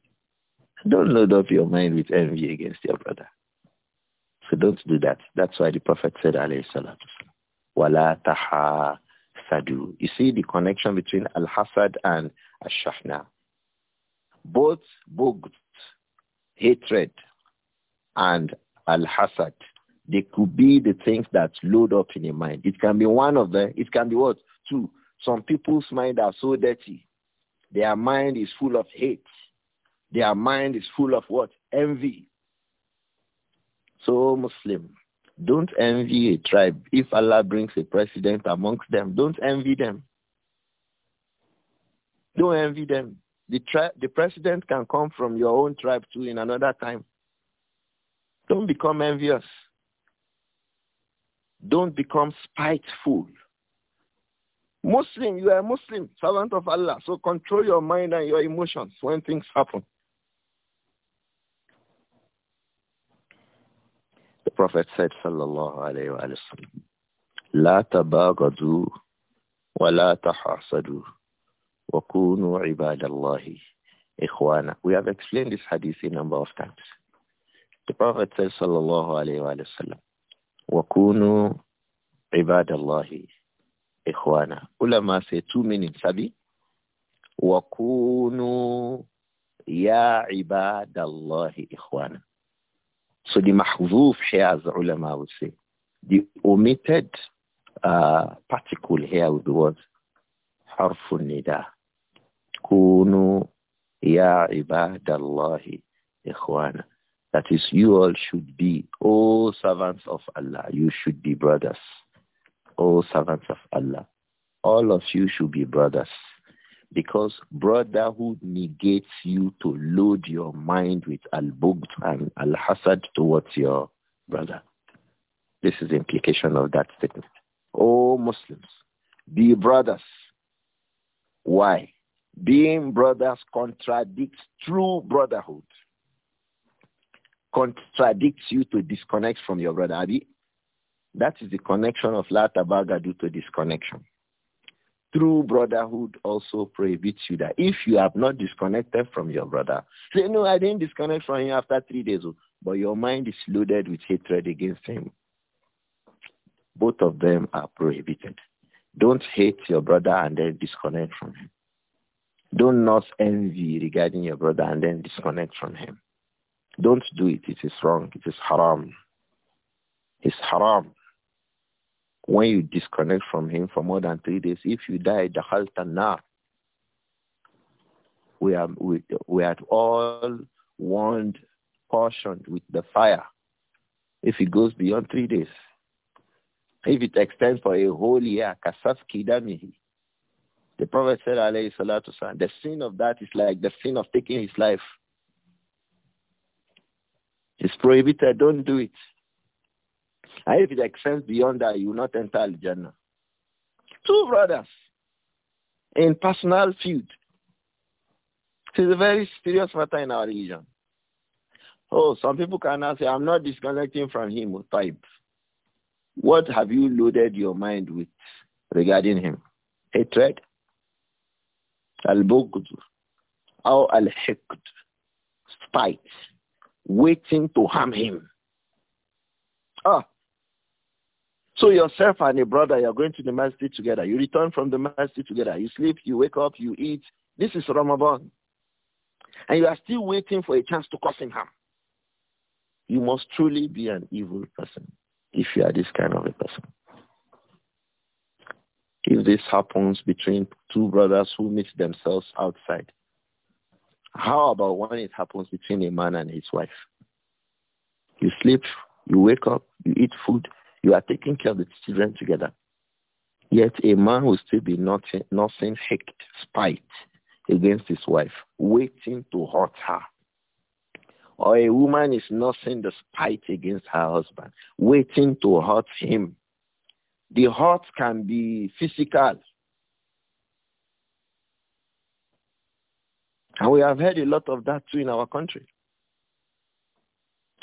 [laughs] Don't load up your mind with envy against your brother. So don't do that. That's why the Prophet said, alayhi salatu wala taha sadu. You see the connection between al-hasad and al-shahna. Both bughd, hatred, and al-hasad, they could be the things that load up in your mind. It can be one of them. It can be what? Two. Some people's mind are so dirty. Their mind is full of hate. Their mind is full of what? Envy. So Muslim, don't envy a tribe. If Allah brings a president amongst them, don't envy them. Don't envy them. The, the president can come from your own tribe too in another time. Don't become envious. Don't become spiteful. Muslim, you are a Muslim, servant of Allah. So control your mind and your emotions when things happen. The Prophet said, sallallahu alayhi wasallam, sallam, لا تباغضوا ولا تحاسدوا وكونوا عباد الله إخوانا. We have explained this hadith a number of times. The Prophet says, sallallahu alayhi wa sallam, وكونوا عباد الله ikhwana. Ulama say two meanings, Sabi. وَكُونُوا يَا عِبَادَ اللَّهِ إِخْوَانًا So the mahzuf here, as the ulama would say, the omitted uh, particle here with the word حرف النداء كونوا يا عباد الله إخوانا That is, you all should be, all servants of Allah, you should be brothers. O servants of Allah, all of you should be brothers because brotherhood negates you to load your mind with al-bughd and al-hasad towards your brother. This is the implication of that statement. All Muslims, be brothers. Why? Being brothers contradicts true brotherhood. Contradicts you to disconnect from your brother. Abi, that is the connection of Latabagadu to disconnection. True brotherhood also prohibits you that if you have not disconnected from your brother, say, no, I didn't disconnect from him after three days, oh, but your mind is loaded with hatred against him. Both of them are prohibited. Don't hate your brother and then disconnect from him. Don't not envy regarding your brother and then disconnect from him. Don't do it. It is wrong. It is haram. It's haram. When you disconnect from him for more than three days, if you die, the haltanar. We are we, we are all warned, portioned with the fire. If it goes beyond three days, if it extends for a whole year, kasaf kidamihi. The Prophet said, alayhi salatu salam, the sin of that is like the sin of taking his life. It's prohibited. Don't do it. And if it extends beyond that, you will not enter al Two brothers in personal feud. It is a very serious matter in our religion. Oh, some people can now say, I'm not disconnecting from him type. What have you loaded your mind with regarding him? Hatred? Al-Bughd? Or al Spite? Waiting to harm him? Ah, so yourself and a brother, you're going to the masjid together. You return from the masjid together. You sleep, you wake up, you eat. This is Ramadan. And you are still waiting for a chance to cause him harm. You must truly be an evil person if you are this kind of a person. If this happens between two brothers who meet themselves outside, how about when it happens between a man and his wife? You sleep, you wake up, you eat food, you are taking care of the children together. Yet a man will still be nothing, nothing hate, spite against his wife, waiting to hurt her. Or a woman is nursing the spite against her husband, waiting to hurt him. The hurt can be physical. And we have heard a lot of that too in our country.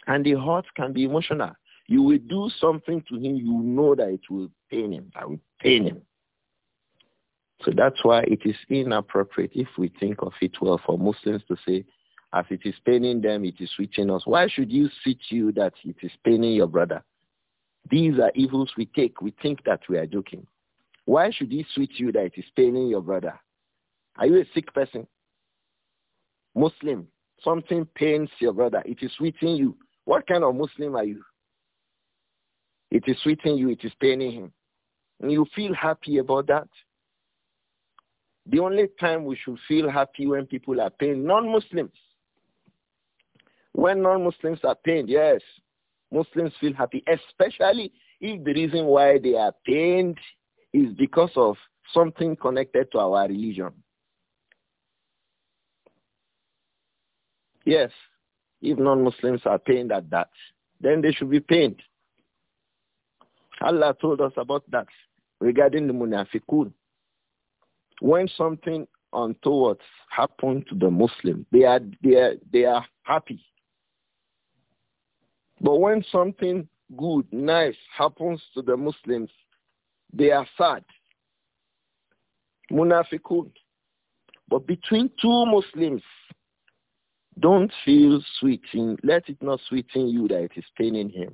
And the hurt can be emotional. You will do something to him, you know that it will pain him. I will pain him. So that's why it is inappropriate if we think of it well for Muslims to say, as it is paining them, it is switching us. Why should you switch you that it is paining your brother? These are evils we take. We think that we are joking. Why should he switch you that it is paining your brother? Are you a sick person? Muslim, something pains your brother. It is switching you. What kind of Muslim are you? It is sweeting you, it is paining him. And you feel happy about that. The only time we should feel happy when people are pained, non-Muslims. When non-Muslims are pained, yes, Muslims feel happy, especially if the reason why they are pained is because of something connected to our religion. Yes, if non-Muslims are pained at that, then they should be pained. Allah told us about that regarding the munafiqun. When something untoward happened to the Muslim, they are, they are, they are happy. But when something good, nice happens to the Muslims, they are sad. Munafiqun. But between two Muslims, don't feel sweeting. Let it not sweeten you that it is paining him.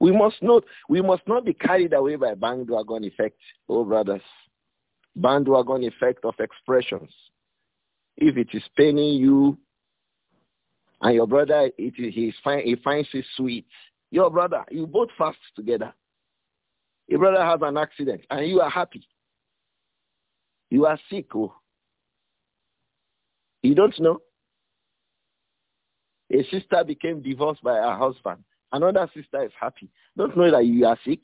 We must not, we must not be carried away by bandwagon effect, oh brothers. Bandwagon effect of expressions. If it is paining you and your brother, it is he, he finds it sweet. Your brother, you both fast together. Your brother has an accident and you are happy. You are sick. Oh. You don't know? A sister became divorced by her husband Another sister is happy. Don't know that you are sick.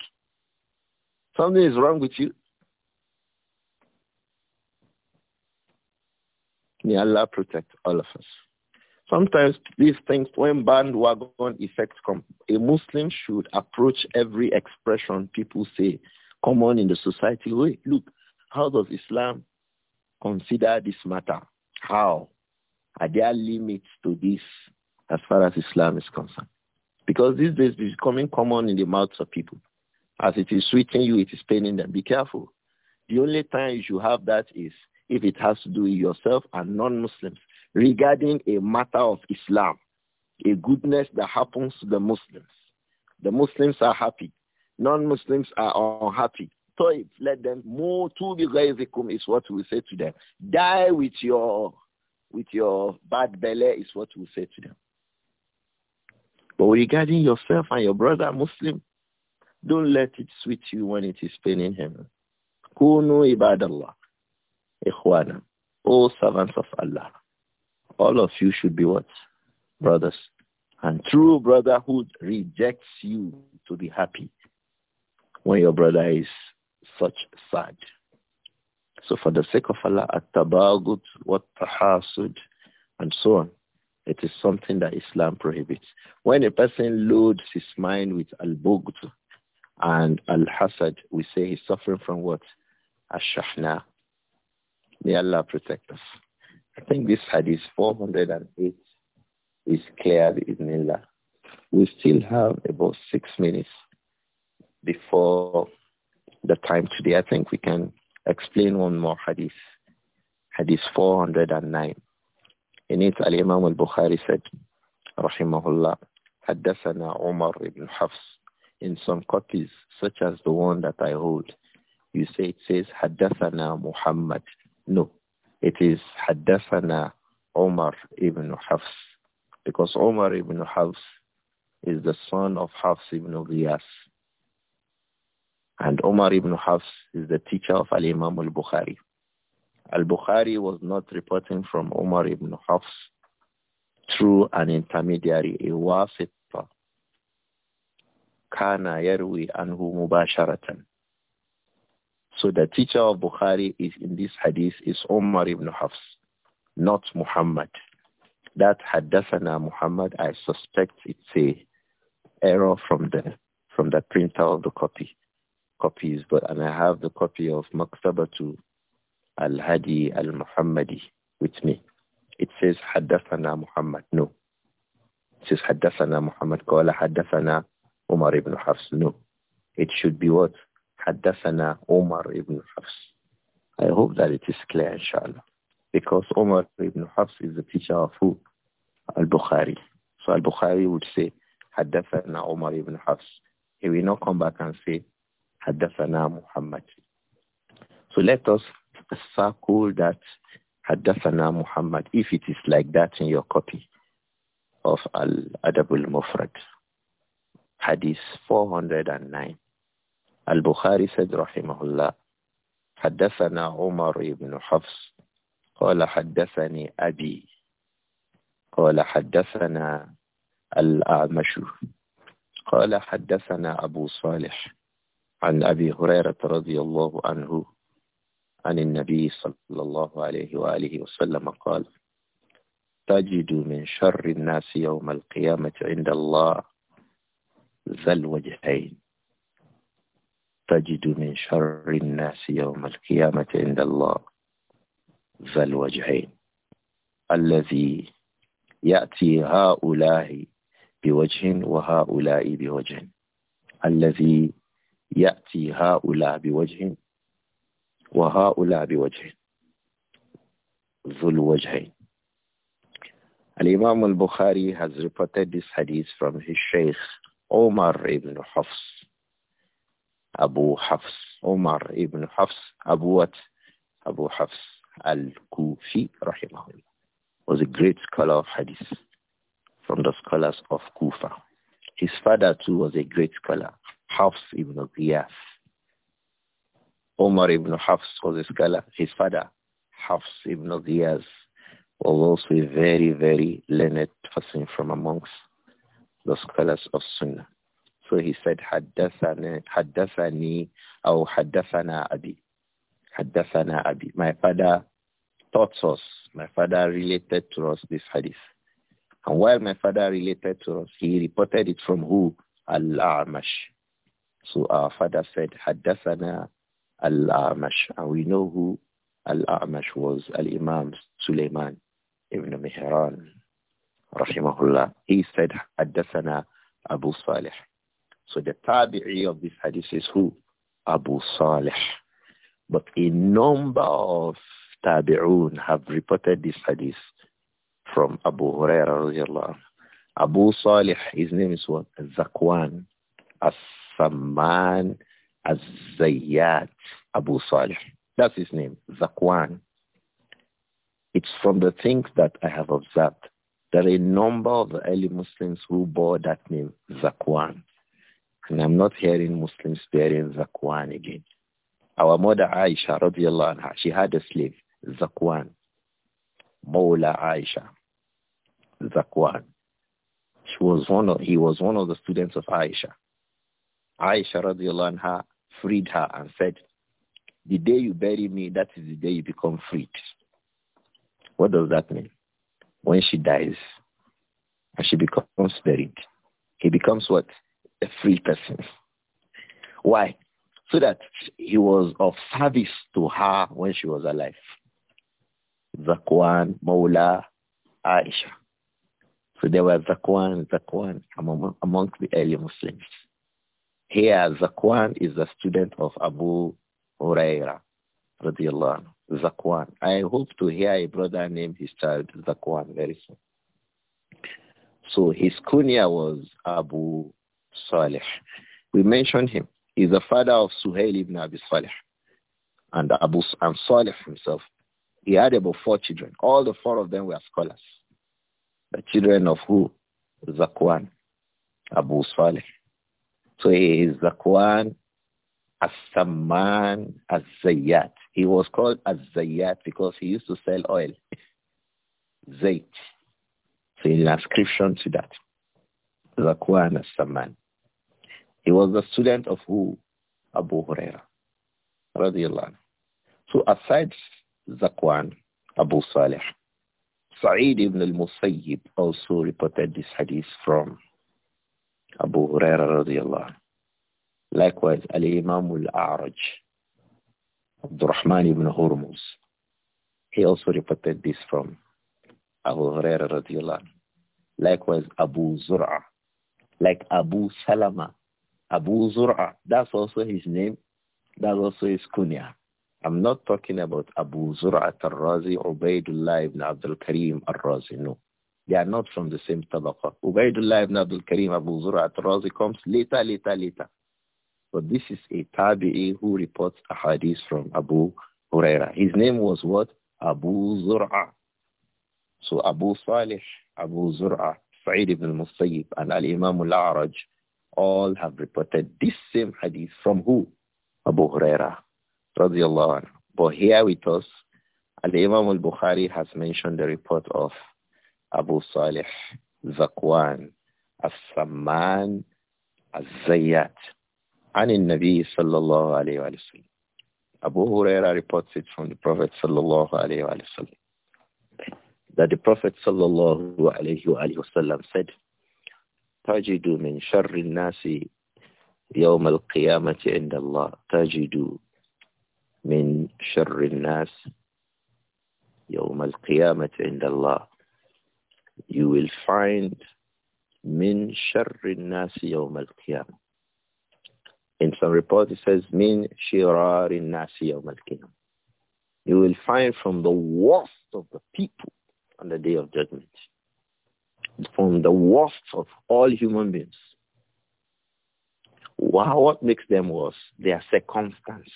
Something is wrong with you. May Allah protect all of us. Sometimes these things, when bandwagon effects come, a Muslim should approach every expression people say common in the society. Wait, look, how does Islam consider this matter? How? Are there limits to this as far as Islam is concerned? Because these days it's becoming common in the mouths of people. As it is sweetening you, it is paining them. Be careful. The only time you should have that is if it has to do with yourself and non-Muslims regarding a matter of Islam, a goodness that happens to the Muslims. The Muslims are happy. Non-Muslims are unhappy. So let them more to be ghaizikum is what we say to them. Die with your with your bad belly is what we say to them. But regarding yourself and your brother Muslim, don't let it sweet you when it is paining him. Kunu ibadallah. Ikhwana. O servants of Allah. All of you should be what? Brothers. And true brotherhood rejects you to be happy when your brother is such sad. So for the sake of Allah, at-tabagut, what-tahasud, and so on. It is something that Islam prohibits. When a person loads his mind with al-bughd and al-hasad, we say he's suffering from what? ash May Allah protect us. I think this hadith 408 is clear, Bismillah. We still have about six minutes before the time today. I think we can explain one more hadith. Hadith 409. In it, Al-Imam al-Bukhari said, Rahimahullah, Haddasana Umar ibn Hafs. In some copies, such as the one that I hold, you say it says Haddathana Muhammad. No, it is Haddathana Omar ibn Hafs. Because Omar ibn Hafs is the son of Hafs ibn Ghiyas. And Omar ibn Hafs is the teacher of Al-Imam al-Bukhari. Al-Bukhari was not reporting from Umar ibn Hafs through an intermediary, a wasita. Kana yarwi anhu mubasharatan. So the teacher of Bukhari is in this hadith is Umar ibn Hafs, not Muhammad. That haddathana Muhammad, I suspect it's a error from the from the printer of the copy copies, but and I have the copy of Maktabatu Al-Hadi Al-Muhammadi with me. It says Haddathana Muhammad. No. It says Haddathana Muhammad. Qala Haddathana Umar ibn Hafs. No. It should be what? Haddathana Umar ibn Hafs. I hope that it is clear, inshallah. Because Umar ibn Hafs is the teacher of who? Al-Bukhari. So Al-Bukhari would say, Haddathana Umar ibn Hafs. He will not come back and say, Haddathana Muhammad. So let us a circle that Haddathana Muhammad, if it is like that in your copy of al adabul mufrad Hadith 409. Al-Bukhari said, Rahimahullah, حدثنا عمر بن حفص قال حدثني أبي قال حدثنا الأعمش قال حدثنا أبو صالح عن أبي هريرة رضي الله عنه عن النبي صلى الله عليه وآله وسلم قال تجد من شر الناس يوم القيامة عند الله ذا الوجهين تجد من شر الناس يوم القيامة عند الله ذا الوجهين الذي يأتي هؤلاء بوجه وهؤلاء بوجه الذي يأتي هؤلاء بوجه وهؤلاء بوجه ذو الوجهين الإمام البخاري has reported this hadith from his Shaykh Omar ibn Hafs, Abu Hafs, Omar ibn Hafs, Abu what? Abu Hafs al-Kufi, rahimahullah, was a great scholar of hadith from the scholars of Kufa. His father too was a great scholar, Hafs ibn Ghiyas. Omar ibn Hafs was a scholar. His father, Hafs ibn Diyaz, was also a very, very learned person from amongst the scholars of Sunnah. So he said, Haddathani, haddathani or Haddathana Abi. Haddathana My father taught us, my father related to us this hadith. And while my father related to us, he reported it from who? Al-A'mash. So our father said, Haddathana Al-A'mash. And we know who Al-A'mash was, Al-Imam Suleiman ibn Mihran, rahimahullah. He said, Haddathana Abu Salih. So the tabi'i of this hadith is who? Abu Salih. But a number of tabi'un have reported this hadith from Abu Hurairah radiallahu Abu Salih, his name is what? Zakwan, As-Samman as zayyat Abu Salih. That's his name, Zakwan. It's from the things that I have observed. There are a number of early Muslims who bore that name, Zakwan. And I'm not hearing Muslims bearing Zakwan again. Our mother Aisha, radiallahu anha, she had a slave, Zakwan. Mawla Aisha, Zakwan. She was one of, he was one of the students of Aisha. Aisha, radiallahu anha, freed her and said, the day you bury me, that is the day you become freed. What does that mean? When she dies and she becomes buried, he becomes what? A free person. Why? So that he was of service to her when she was alive. Zakwan, Mawla, Aisha. So there were Zakwan, Zakwan among, the early Muslims. Here, Zakwan is a student of Abu Huraira, radiallahu anhu. Zakwan. I hope to hear a brother name his child Zakwan very soon. So his kunya was Abu Saleh. We mentioned him. He's the father of Suhail ibn Abi Saleh and Abu and Saleh himself. He had about four children. All the four of them were scholars. The children of who? Zakwan, Abu Saleh, so he is Zakwan As-Samman as Zayat. He was called as Zayat because he used to sell oil. [laughs] Zayt. So in ascription to that. Zakwan As-Samman. He was the student of who? Abu Huraira. Radiallahu. So aside Zakwan, Abu Salih, Sa'id ibn al-Musayyib also reported this hadith from Abu Huraira radiallahu Likewise, Al-Imam Al-A'raj, Abdurrahman ibn Hurmuz. He also reported this from Abu Huraira radiallahu Likewise, Abu Zur'a, like Abu Salama, Abu Zur'a. That's also his name. That's also his kunya. I'm not talking about Abu Zur'a al-Razi, Ubaidullah ibn Abdul Karim al-Razi. No. They are not from the same tabaqa. Ubaidullah ibn Abdul Karim Abu at Razi comes later, later, later. But this is a tabi'i who reports a hadith from Abu Huraira. His name was what? Abu Zur'a. So Abu Salih, Abu Zur'a, Sa'id ibn Musayyib, and Al-Imam Al-A'raj all have reported this same hadith from who? Abu Huraira, radiallahu But here with us, Al-Imam Al-Bukhari has mentioned the report of Abu Salih, Zakwan, As-Samman, Al-Zayyat. عن النبي صلى الله عليه وسلم Abu Huraira reports it from the Prophet sallallahu alayhi Wasallam that the Prophet sallallahu alayhi wa sallam said تجد min شر الناس يوم القيامة عند الله min من شر الناس يوم القيامة عند الله you will find min sharri nasi yawm al In some reports it says min shirari nasi yawm al You will find from the worst of the people on the day of judgment. From the worst of all human beings. Wow, what makes them worse? Their circumstance.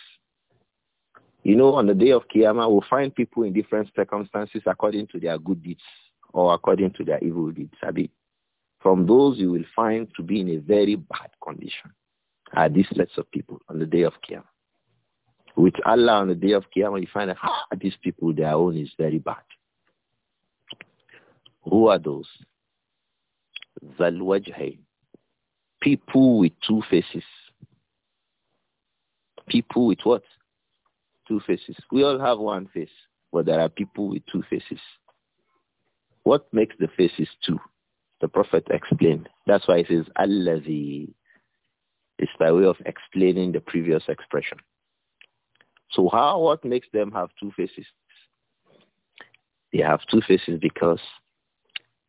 You know, on the day of Qiyamah, we'll find people in different circumstances according to their good deeds or according to their evil deeds. Abi. From those you will find to be in a very bad condition are these sets of people on the day of Qiyamah. With Allah on the day of Qiyamah, you find that ah, these people, their own is very bad. Who are those? Zalwajhain. People with two faces. People with what? Two faces. We all have one face, but there are people with two faces. What makes the faces two? The Prophet explained. That's why it says Allazi. It's by way of explaining the previous expression. So how, what makes them have two faces? They have two faces because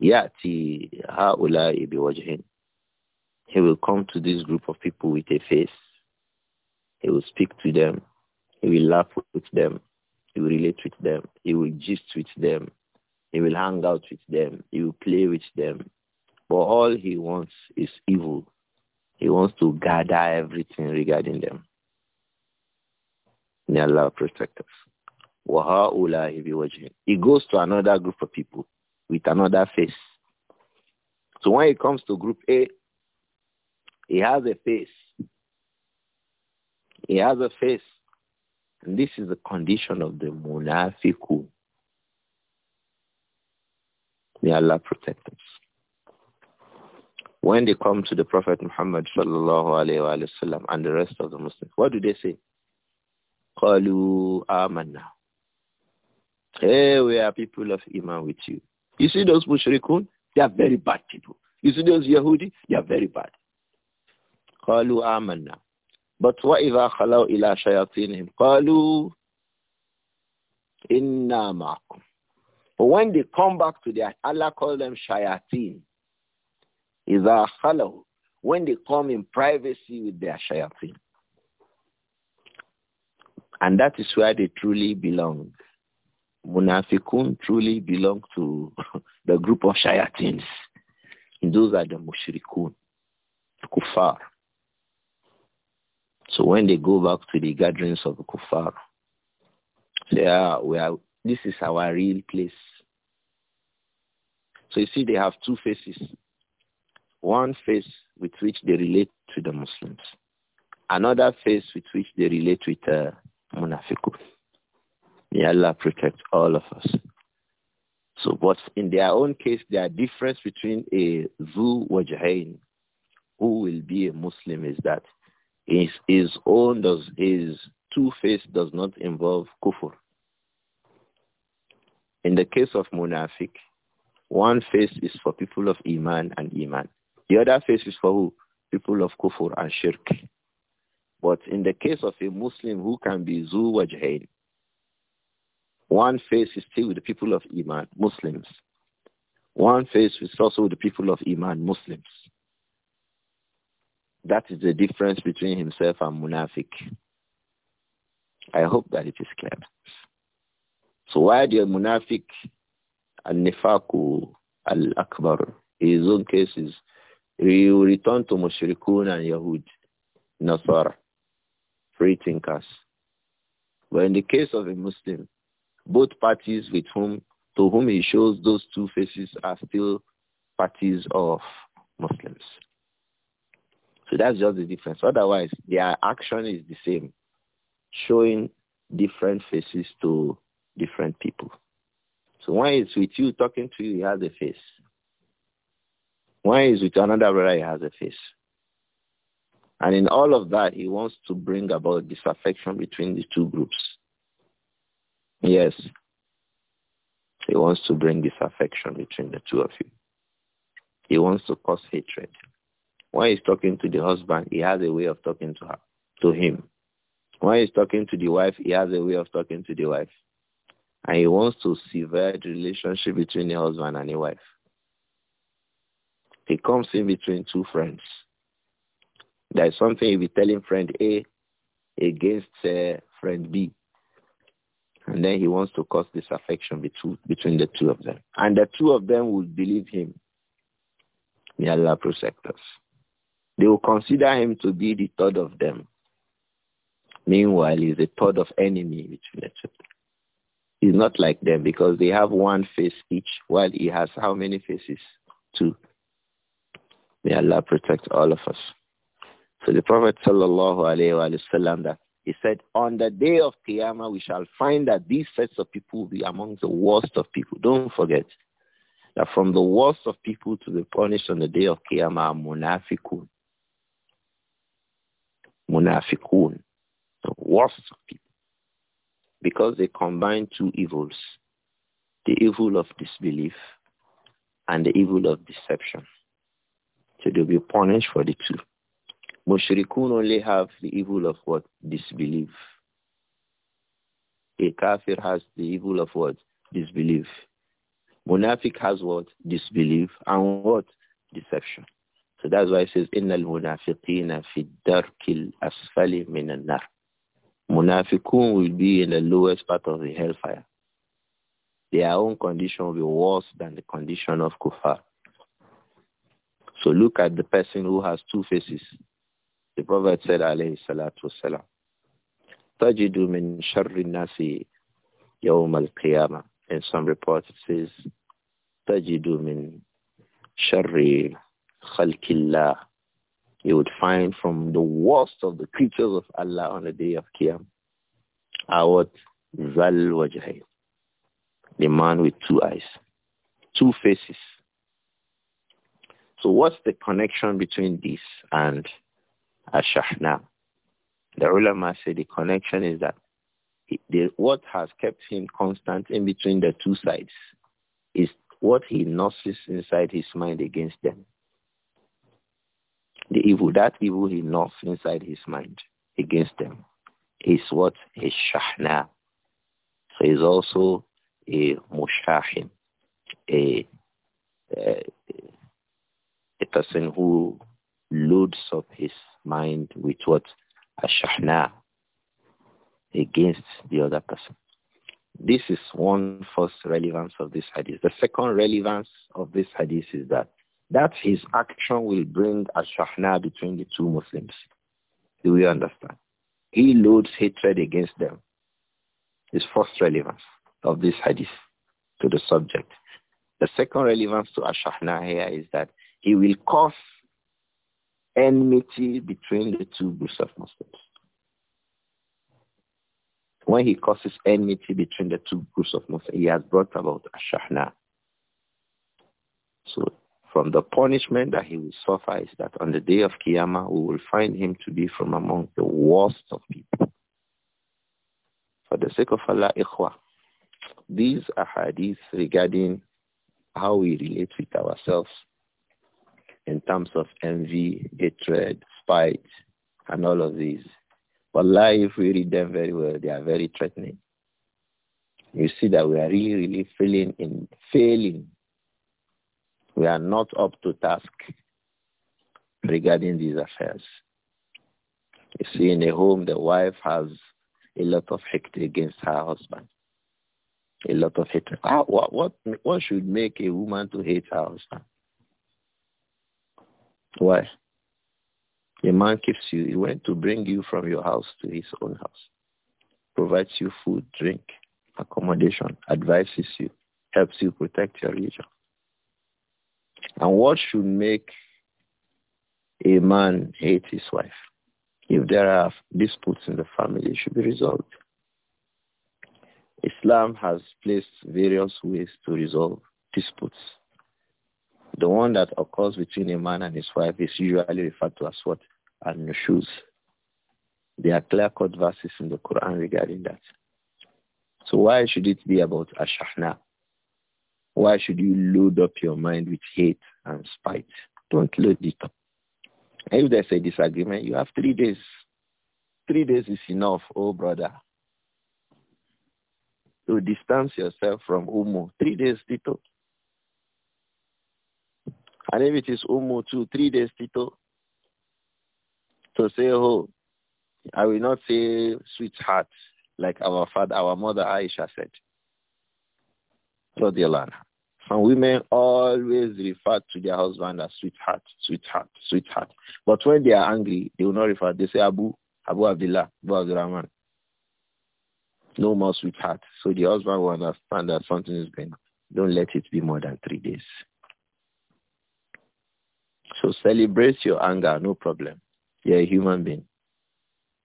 Yati Haula He will come to this group of people with a face. He will speak to them. He will laugh with them. He will relate with them. He will gist with them. He will hang out with them. He will play with them. But all he wants is evil. He wants to gather everything regarding them. May Allah protect us. He goes to another group of people with another face. So when it comes to group A, he has a face. He has a face. And this is the condition of the munafiqun. May Allah protect us. When they come to the Prophet Muhammad sallallahu alayhi wa and the rest of the Muslims, what do they say? Qalu amanna. Hey, we are people of Iman with you. You see those mushrikun? They are very bad people. You see those Yahudi? They are very bad. Qalu amanna. But wa وَإِذَا خَلَوْا ila Shayatinim. قَالُوا inna مَعَكُمْ but when they come back to their, Allah calls them shayateen. a خَلَوْا When they come in privacy with their shayateen. And that is where they truly belong. Munafikun truly belong to [laughs] the group of shayatins. And those are the mushrikun, the kuffar. So when they go back to the gatherings of the kuffar, they are, we are this is our real place. So you see, they have two faces. One face with which they relate to the Muslims. Another face with which they relate with uh, Munafiq. May Allah protect all of us. So, but in their own case, there are difference between a Zu who will be a Muslim, is that his, his own does, his two face does not involve kufr. In the case of Munafiq, one face is for people of Iman and Iman. The other face is for who? People of Kufur and Shirk. But in the case of a Muslim who can be Zu Wajhain, one face is still with the people of Iman, Muslims. One face is also with the people of Iman, Muslims. That is the difference between himself and Munafiq. I hope that it is clear. So why the munafiq al-nifaku al-akbar, his own case is you return to mushrikun and Yahud, Nasara, free thinkers. But in the case of a Muslim, both parties with whom, to whom he shows those two faces are still parties of Muslims. So that's just the difference. Otherwise, their action is the same, showing different faces to different people. So why is with you talking to you, he has a face. Why is with another brother, he has a face. And in all of that, he wants to bring about disaffection between the two groups. Yes. He wants to bring disaffection between the two of you. He wants to cause hatred. When he's talking to the husband, he has a way of talking to her, to him. When he's talking to the wife, he has a way of talking to the wife and he wants to sever the relationship between the husband and the wife. He comes in between two friends. There's something he'll be telling friend A against uh, friend B. And then he wants to cause disaffection between, between the two of them. And the two of them will believe him. May Allah protect us. They will consider him to be the third of them. Meanwhile, he's the third of enemy between the two. Is not like them because they have one face each while he has how many faces? Two. May Allah protect all of us. So the Prophet sallallahu alayhi that he said, on the day of Qiyamah, we shall find that these sets of people will be among the worst of people. Don't forget that from the worst of people to be punished on the day of Qiyamah are munafiqun. Munafiqun. The worst of people because they combine two evils, the evil of disbelief and the evil of deception. So they'll be punished for the two. Mushrikun only have the evil of what? Disbelief. A kafir has the evil of what? Disbelief. Munafik has what? Disbelief and what? Deception. So that's why it says, إِنَّ الْمُنَافِقِينَ فِي الدَّرْكِ الْأَسْفَلِ مِنَ النَّارِ Munafikun will be in the lowest part of the hellfire. Their own condition will be worse than the condition of kuffar. So look at the person who has two faces. The Prophet said, alayhi salatu wasalam, تَجِدُ مِنْ شَرِّ النَّاسِ يَوْمَ الْقِيَامَةِ In some reports it says, تَجِدُ مِنْ شَرِّ خَلْقِ اللَّهِ you would find from the worst of the creatures of Allah on the day of Qiyam are what? Zal The man with two eyes, two faces. So what's the connection between this and Ashahna? The ulama say the connection is that he, the, what has kept him constant in between the two sides is what he nurses inside his mind against them. The evil, that evil he knows inside his mind against them is a shahna. So he's also a mushahim, a, a, a person who loads up his mind with what? A shahna against the other person. This is one first relevance of this hadith. The second relevance of this hadith is that that his action will bring a shahna between the two Muslims. Do we understand? He loads hatred against them. His first relevance of this hadith to the subject. The second relevance to Ashahna here is that he will cause enmity between the two groups of Muslims. When he causes enmity between the two groups of Muslims, he has brought about Ashahna. So from the punishment that he will suffer is that on the day of Kiyama, we will find him to be from among the worst of people. For the sake of Allah, ikhwa, these are hadiths regarding how we relate with ourselves in terms of envy, hatred, spite, and all of these. Wallahi, if we read them very well, they are very threatening. You see that we are really, really failing in failing we are not up to task regarding these affairs. You see, in a home, the wife has a lot of hatred against her husband. A lot of hatred. Ah, what, what, what should make a woman to hate her husband? Why? A man keeps you. He went to bring you from your house to his own house. Provides you food, drink, accommodation, advises you, helps you protect your religion. And what should make a man hate his wife? If there are disputes in the family, it should be resolved. Islam has placed various ways to resolve disputes. The one that occurs between a man and his wife is usually referred to as what? An-nushuz. There are clear-cut verses in the Quran regarding that. So why should it be about ashahna? Why should you load up your mind with hate and spite? Don't load it up. if there's a disagreement, you have three days. Three days is enough, oh brother. To distance yourself from Umu. Three days, Tito. And if it is Umu too, three days, Tito. To say, oh, I will not say sweetheart like our father, our mother Aisha said radiallahu anha. And women always refer to their husband as sweetheart, sweetheart, sweetheart. But when they are angry, they will not refer. They say Abu, Abu Abdullah, Abu Abdurrahman. No more sweetheart. So the husband will understand that something is going on. Don't let it be more than three days. So celebrate your anger, no problem. You're a human being.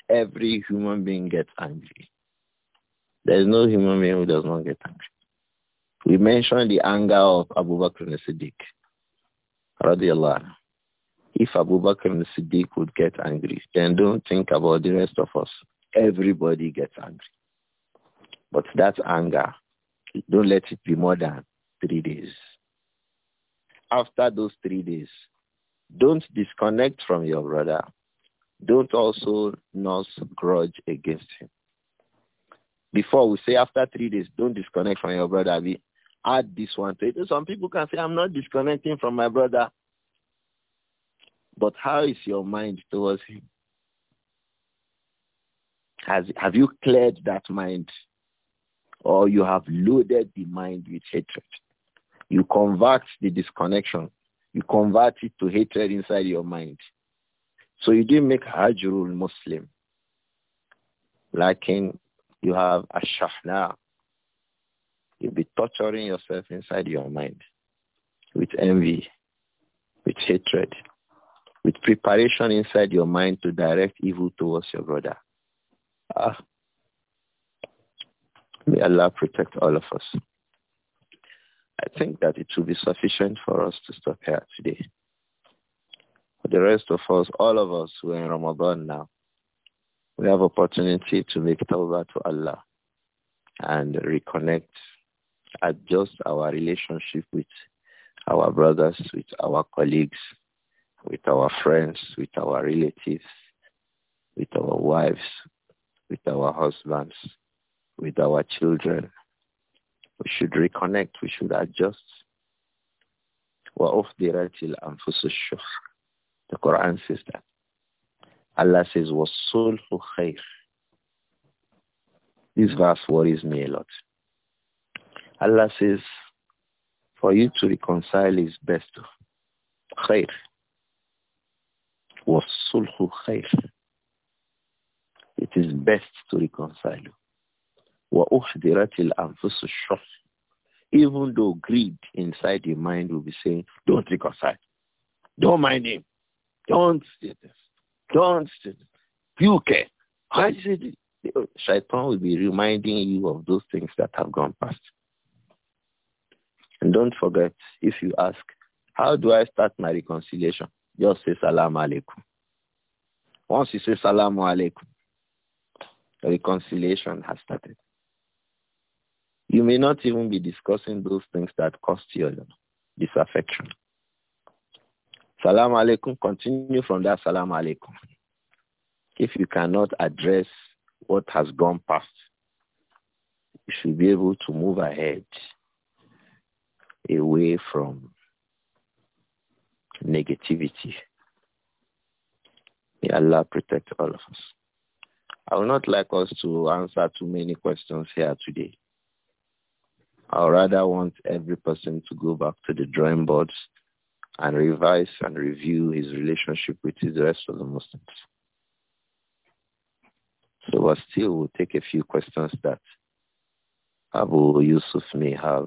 Every human being gets angry. There's no human being who does not get angry. We mentioned the anger of Abu Bakr al-Siddiq. If Abu Bakr al-Siddiq would get angry, then don't think about the rest of us. Everybody gets angry. But that anger, don't let it be more than three days. After those three days, don't disconnect from your brother. Don't also nurse grudge against him. Before we say after three days, don't disconnect from your brother add this one to it. Some people can say, I'm not disconnecting from my brother. But how is your mind towards him? Has, have you cleared that mind? Or you have loaded the mind with hatred? You convert the disconnection. You convert it to hatred inside your mind. So you didn't make Hajrul Muslim. Like in, you have Ashahna, You'll be torturing yourself inside your mind with envy, with hatred, with preparation inside your mind to direct evil towards your brother. Ah. May Allah protect all of us. I think that it will be sufficient for us to stop here today. For the rest of us, all of us who are in Ramadan now, we have opportunity to make tawbah to Allah and reconnect adjust our relationship with our brothers, with our colleagues, with our friends, with our relatives, with our wives, with our husbands, with our children. We should reconnect. We should adjust. We're off The Quran says that. Allah says, for khair." This verse worries me a lot. Allah says, for you to reconcile is best. Khair. Wasulhu khair. It is best to reconcile. وَأُحْدِرَتِ الْأَنفُسُ الشُّرْ Even though greed inside your mind will be saying, don't reconcile. Don't mind him. Don't do this. Don't do this. You care. Why is it? Shaitan will be reminding you of those things that have gone past. And don't forget, if you ask, how do I start my reconciliation? Just say salam alaikum. Once you say salam alaikum, the reconciliation has started. You may not even be discussing those things that cost you disaffection. Salam alaikum, continue from that salam alaikum. If you cannot address what has gone past, you should be able to move ahead away from negativity. May Allah protect all of us. I would not like us to answer too many questions here today. I rather want every person to go back to the drawing boards and revise and review his relationship with the rest of the Muslims. So we we still will take a few questions that Abu Yusuf may have.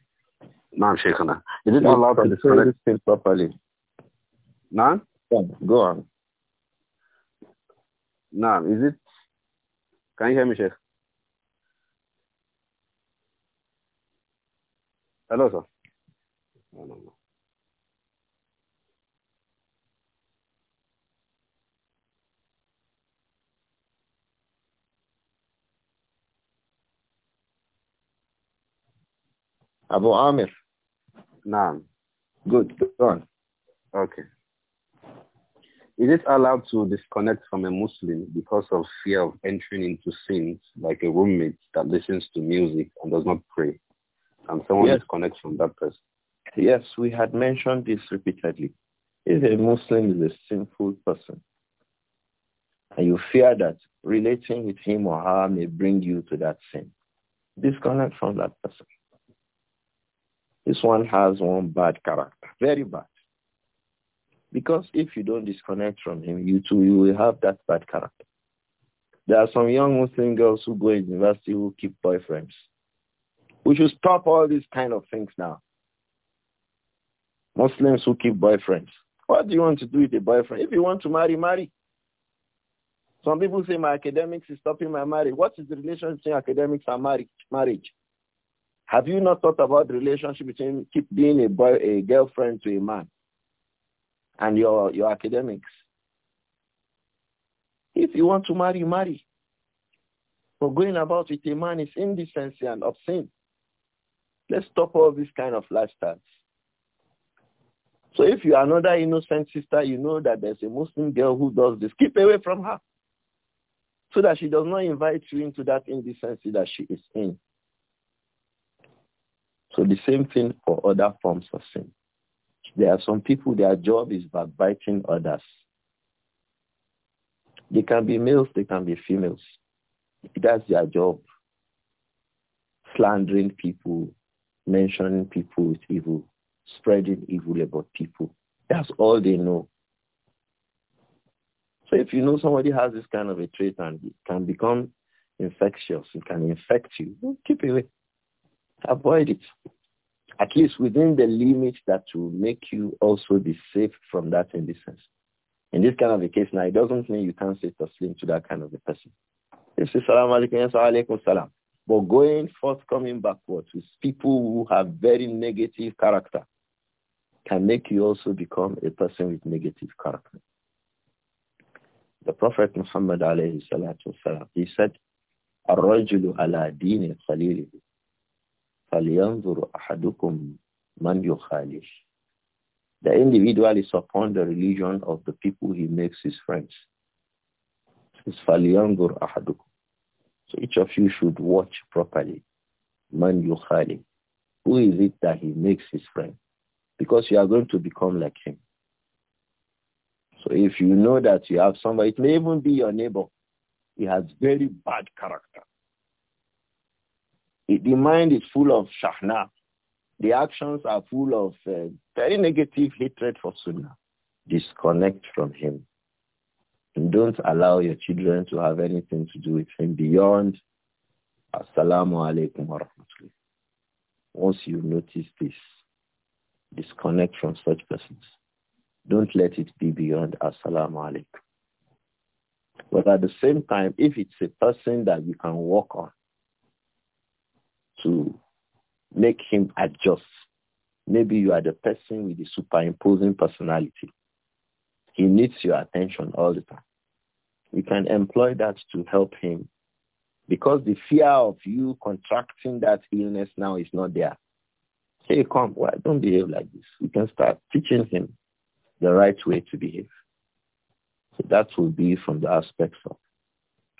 Naam, Shaykhana. Is it allowed to say properly? Naam? go on. Naam, is it? Can you hear me, Sheikh? Hello, sir. Abu Amir. Naam. Good. Go on. Okay. Is it allowed to disconnect from a Muslim because of fear of entering into sins, like a roommate that listens to music and does not pray, and someone yes. disconnects from that person? Yes, we had mentioned this repeatedly. If a Muslim is a sinful person, and you fear that relating with him or her may bring you to that sin, disconnect from that person. This one has one bad character, very bad. Because if you don't disconnect from him, you too you will have that bad character. There are some young Muslim girls who go to university who keep boyfriends. We should stop all these kind of things now. Muslims who keep boyfriends. What do you want to do with a boyfriend? If you want to marry, marry. Some people say my academics is stopping my marriage. What is the relation between academics and Marriage. Have you not thought about the relationship between keep being a boy, a girlfriend to a man and your, your academics? If you want to marry, marry. But going about with a man is indecency and obscene. Let's stop all these kind of lifestyles. So if you are another innocent sister, you know that there's a Muslim girl who does this. Keep away from her so that she does not invite you into that indecency that she is in. So the same thing for other forms of sin. There are some people, their job is backbiting others. They can be males, they can be females. That's their job. Slandering people, mentioning people with evil, spreading evil about people. That's all they know. So if you know somebody has this kind of a trait and it can become infectious, it can infect you, keep away avoid it. At least within the limit that will make you also be safe from that in this sense. In this kind of a case now, it doesn't mean you can't or sleep to that kind of a person. If you salam alaikum, alaikum salam. But going forth, coming backwards with people who have very negative character can make you also become a person with negative character. The Prophet Muhammad alayhi salatu wasalam, he said, الرجل على دين خليله فَلْيَنْظُرْ أَحَدُكُمْ مَنْ يُخَالِفُ The individual is upon the religion of the people he makes his friends. It's فَلْيَنْظُرْ أَحَدُكُمْ So each of you should watch properly. مَنْ يُخَالِفُ Who is it that he makes his friend? Because you are going to become like him. So if you know that you have somebody, it may even be your neighbor. He has very bad character the mind is full of shahna. The actions are full of uh, very negative hatred for sunnah. Disconnect from him. And don't allow your children to have anything to do with him beyond Assalamu alaikum wa rahmatullah. Once you notice this, disconnect from such persons. Don't let it be beyond Assalamu alaikum. But at the same time, if it's a person that you can work on, to make him adjust. Maybe you are the person with the superimposing personality. He needs your attention all the time. You can employ that to help him because the fear of you contracting that illness now is not there. Hey, come, why don't behave like this? You can start teaching him the right way to behave. So that will be from the aspects of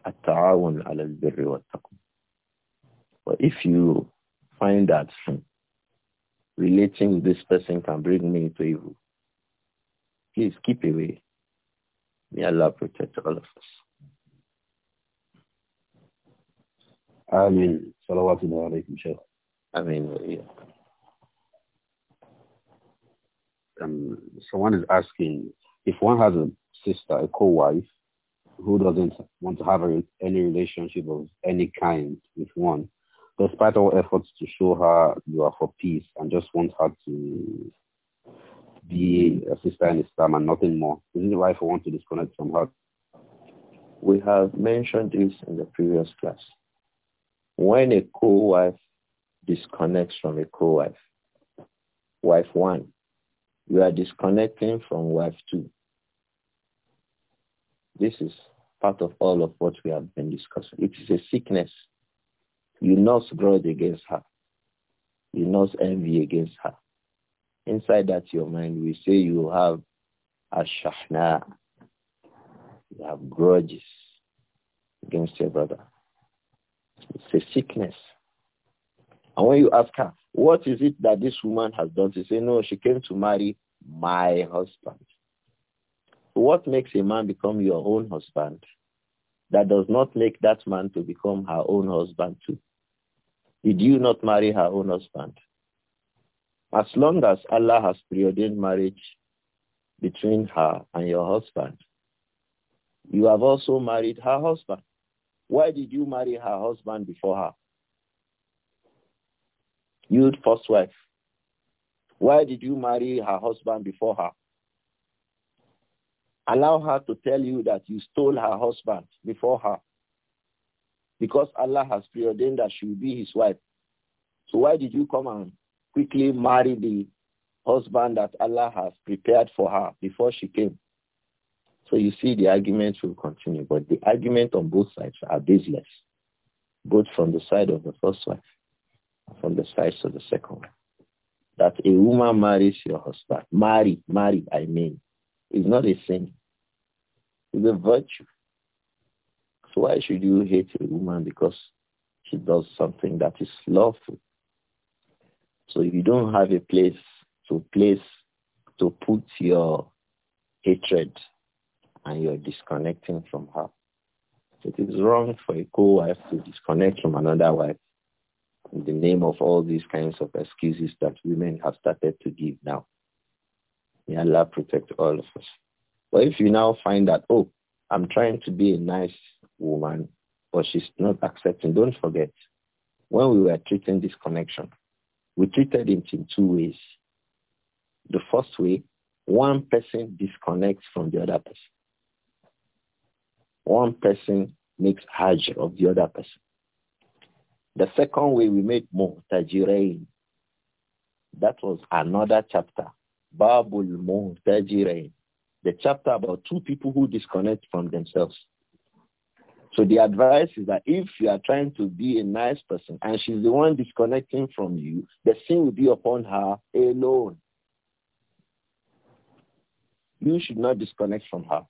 al على wa والتقوى but if you find that relating with this person can bring me into evil, please keep away. May Allah protect all of us. آمين صلوات الله عليكم شيخ um, someone is asking if one has a sister, a co-wife, who doesn't want to have a, any relationship of any kind with one, despite all efforts to show her you are for peace and just want her to be a sister in Islam and nothing more? Isn't it right for one to disconnect from her? We have mentioned this in the previous class. When a co-wife disconnects from a co-wife, wife one, you are disconnecting from wife two. This is part of all of what we have been discussing. It is a sickness you nurse grudge against her. You nurse envy against her. Inside that your mind, we say you have a shahna, You have grudges against your brother. It's a sickness. And when you ask her, what is it that this woman has done? She say, no, she came to marry my husband. What makes a man become your own husband? That does not make that man to become her own husband too. Did you not marry her own husband? As long as Allah has preordained marriage between her and your husband, you have also married her husband. Why did you marry her husband before her? You first wife. Why did you marry her husband before her? Allow her to tell you that you stole her husband before her because Allah has preordained that she will be his wife. So why did you come and quickly marry the husband that Allah has prepared for her before she came? So you see the argument will continue, but the argument on both sides are baseless, both from the side of the first wife from the side of the second one. That a woman marries your husband. Marry, marry, I mean. is not a sin. It's a virtue. So why should you hate a woman because she does something that is lawful? So if you don't have a place to place to put your hatred and you're disconnecting from her, it is wrong for a co-wife to disconnect from another wife in the name of all these kinds of excuses that women have started to give now. May Allah protect all of us. But if you now find that, oh, I'm trying to be a nice woman, but she's not accepting. Don't forget, when we were treating this connection, we treated it in two ways. The first way, one person disconnects from the other person. One person makes hajj of the other person. The second way we made muhtajirain. That was another chapter. Babul muhtajirain. The chapter about two people who disconnect from themselves. So the advice is that if you are trying to be a nice person and she's the one disconnecting from you, the sin will be upon her alone. You should not disconnect from her.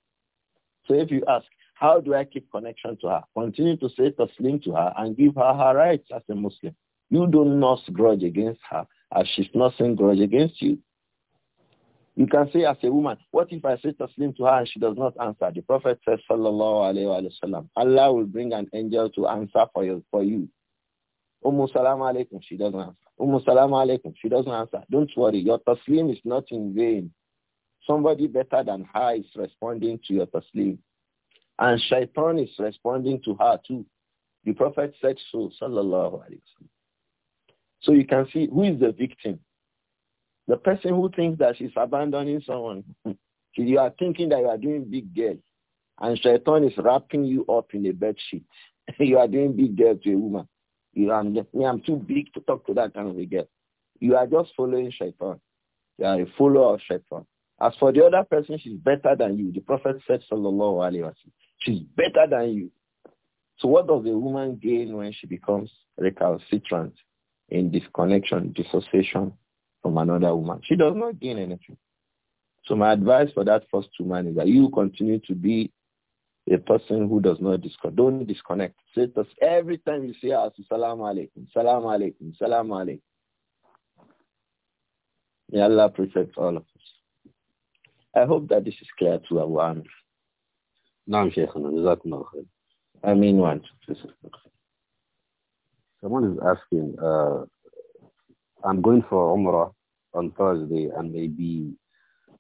So if you ask, how do I keep connection to her? Continue to say taslim to her and give her her rights as a Muslim. You do not grudge against her as she's not saying grudge against you. You can say as a woman, what if I say Taslim to her and she does not answer? The Prophet says, Sallallahu Alaihi Wasallam, Allah will bring an angel to answer for you. For you. Salam Alaikum, she doesn't answer. Umm Salam Alaikum, she doesn't answer. Don't worry, your Taslim is not in vain. Somebody better than her is responding to your Taslim. And Shaitan is responding to her too. The Prophet said so, Sallallahu Alaihi Wasallam. So you can see who is the victim. The person who thinks that she's abandoning someone, [laughs] you are thinking that you are doing big girl, and Shaitan is wrapping you up in a bed sheet. [laughs] you are doing big girl to a woman. You are, me, I'm too big to talk to that kind of a girl. You are just following Shaitan. You are a follower of Shaitan. As for the other person, she's better than you. The Prophet said, Sallallahu Alaihi Wasallam, she's better than you. So what does a woman gain when she becomes recalcitrant in disconnection, dissociation from another woman. She does not gain anything. So my advice for that first woman is that you continue to be a person who does not disconnect. Don't disconnect. Say to every time you see us, ah, Salaam alaikum, Salaam alaikum, Salaam alaikum. May Allah protect all of us. I hope that this is clear to everyone. Amir. Naam, Shaykhana. Jazakumullah khair. I mean one. Someone is asking, uh, I'm going for Umrah on Thursday and maybe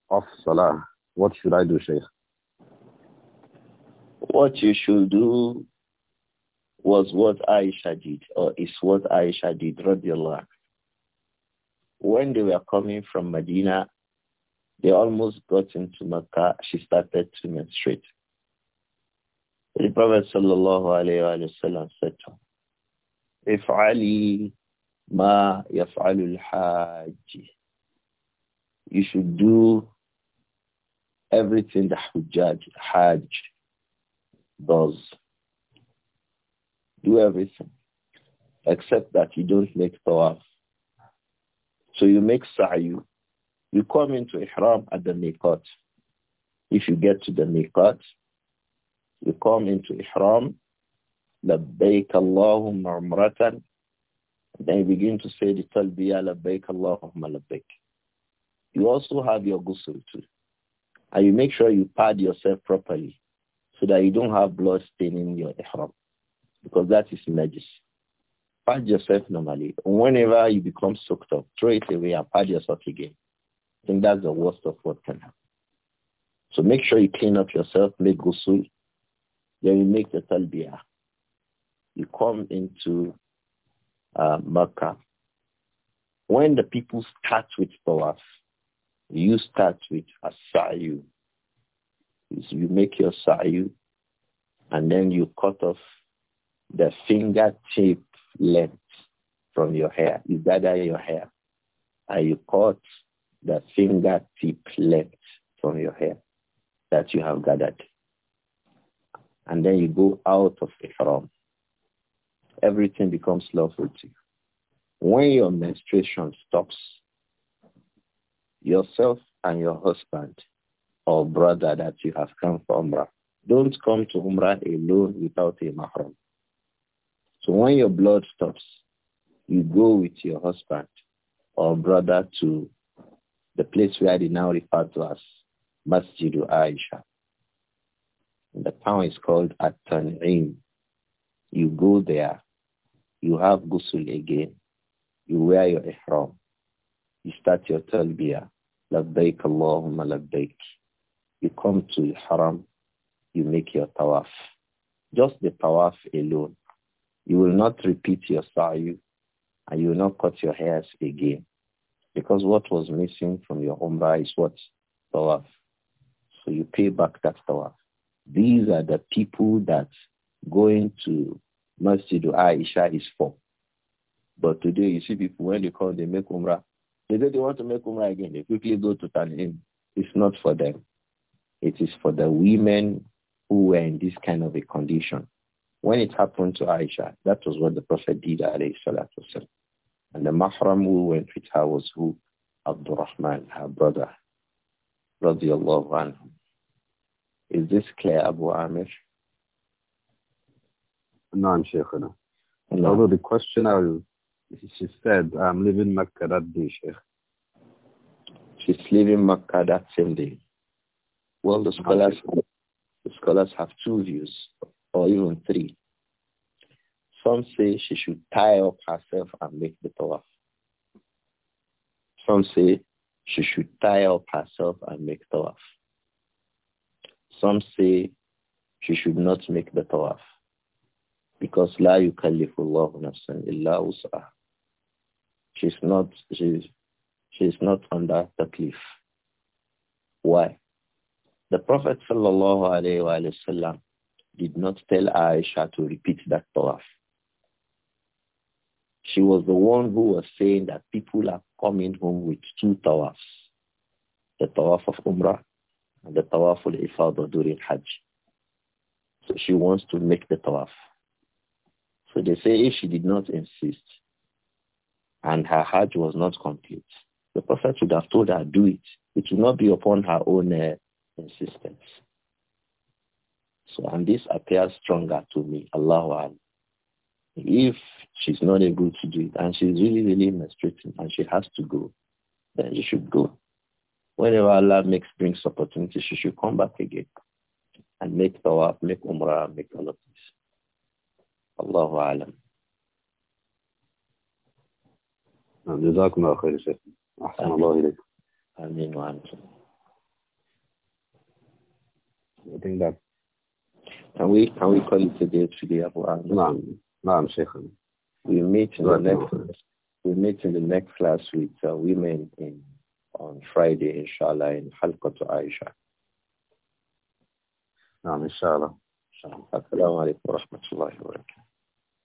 off Salah. What should I do, Sheikh? What you should do was what Aisha did, or is what Aisha did, radiallahu When they were coming from Medina, they almost got into Makkah. She started to menstruate. The Prophet sallallahu alayhi wa sallam said to her, if Ali Ma yaf'alul hajj. You should do everything the hujjaj, hajj does. Do everything. Except that you don't make tawaf. So you make sa'yu. You come into ihram at the miqat. If you get to the miqat, you come into ihram. لبيك Allahumma عمرة then you begin to say the talbiya, labbaik, Allahumma labbaik. You also have your ghusl too. And you make sure you pad yourself properly so that you don't have blood staining your ihram because that is najis. Pad yourself normally. Whenever you become soaked up, throw it away and pad yourself again. I think that's the worst of what can happen. So make sure you clean up yourself, make ghusl, then you make the talbiya. You come into uh, Mecca, when the people start with tawaf, you start with a asayu. You make your sayu and then you cut off the fingertip length from your hair. You gather your hair and you cut the fingertip length from your hair that you have gathered. And then you go out of Ihram everything becomes lawful to you. When your menstruation stops, yourself and your husband or brother that you have come for Umrah, don't come to Umrah alone without a mahram. So when your blood stops, you go with your husband or brother to the place where they now refer to as Masjid Aisha. The town is called At-Tan'im. You go there you have ghusl again. You wear your ihram. You start your talbiyah. Labbaik Allahumma labbaik. You come to the haram. You make your tawaf. Just the tawaf alone. You will not repeat your sa'i and you will not cut your hairs again. Because what was missing from your umrah is what? Tawaf. So you pay back that tawaf. These are the people that going to Masjid Aisha is for, But today you see people, when they come, they make Umrah. They say they want to make Umrah again. They quickly go to Tanzim. It's not for them. It is for the women who were in this kind of a condition. When it happened to Aisha, that was what the Prophet did, alayhi And the mahram who went with her was who? Abdurrahman, her brother, radiallahu anhu. Is this clear, Abu Amir? Naam, Sheikh. Although the questioner, she said, I'm leaving Makkah that day, Sheikh. She's leaving Makkah that same day. Well, the scholars, the scholars have two views, or even three. Some say she should tie up herself and make the tawaf. Some say she should tie up herself and make tawaf. Some say she should not make the tawaf. Because la yukallifullahu nafsan illa us'ah. She's not, she's, she's not under cliff. Why? The Prophet sallallahu alayhi wa did not tell Aisha to repeat that tawaf. She was the one who was saying that people are coming home with two tawafs. The tawaf of Umrah and the tawaf of ifadah during Hajj. So she wants to make the tawaf. So they say if she did not insist and her hajj was not complete, the Prophet would have told her, do it. It will not be upon her own uh, insistence. So, and this appears stronger to me, Allah. If she's not able to do it and she's really, really menstruating and she has to go, then she should go. Whenever Allah makes, brings opportunity, she should come back again and make tawaf, make umrah, make all of Allahu alam. جزاكم الله خير شيخ أحسن الله إليكم آمين وأنتم I think that can we can we call it Today day today Abu Na'am Na'am Sheikh we meet in the next we meet in the next class with uh, women in on Friday inshallah in Halqatu Aisha نعم إن شاء الله السلام عليكم ورحمة الله وبركاته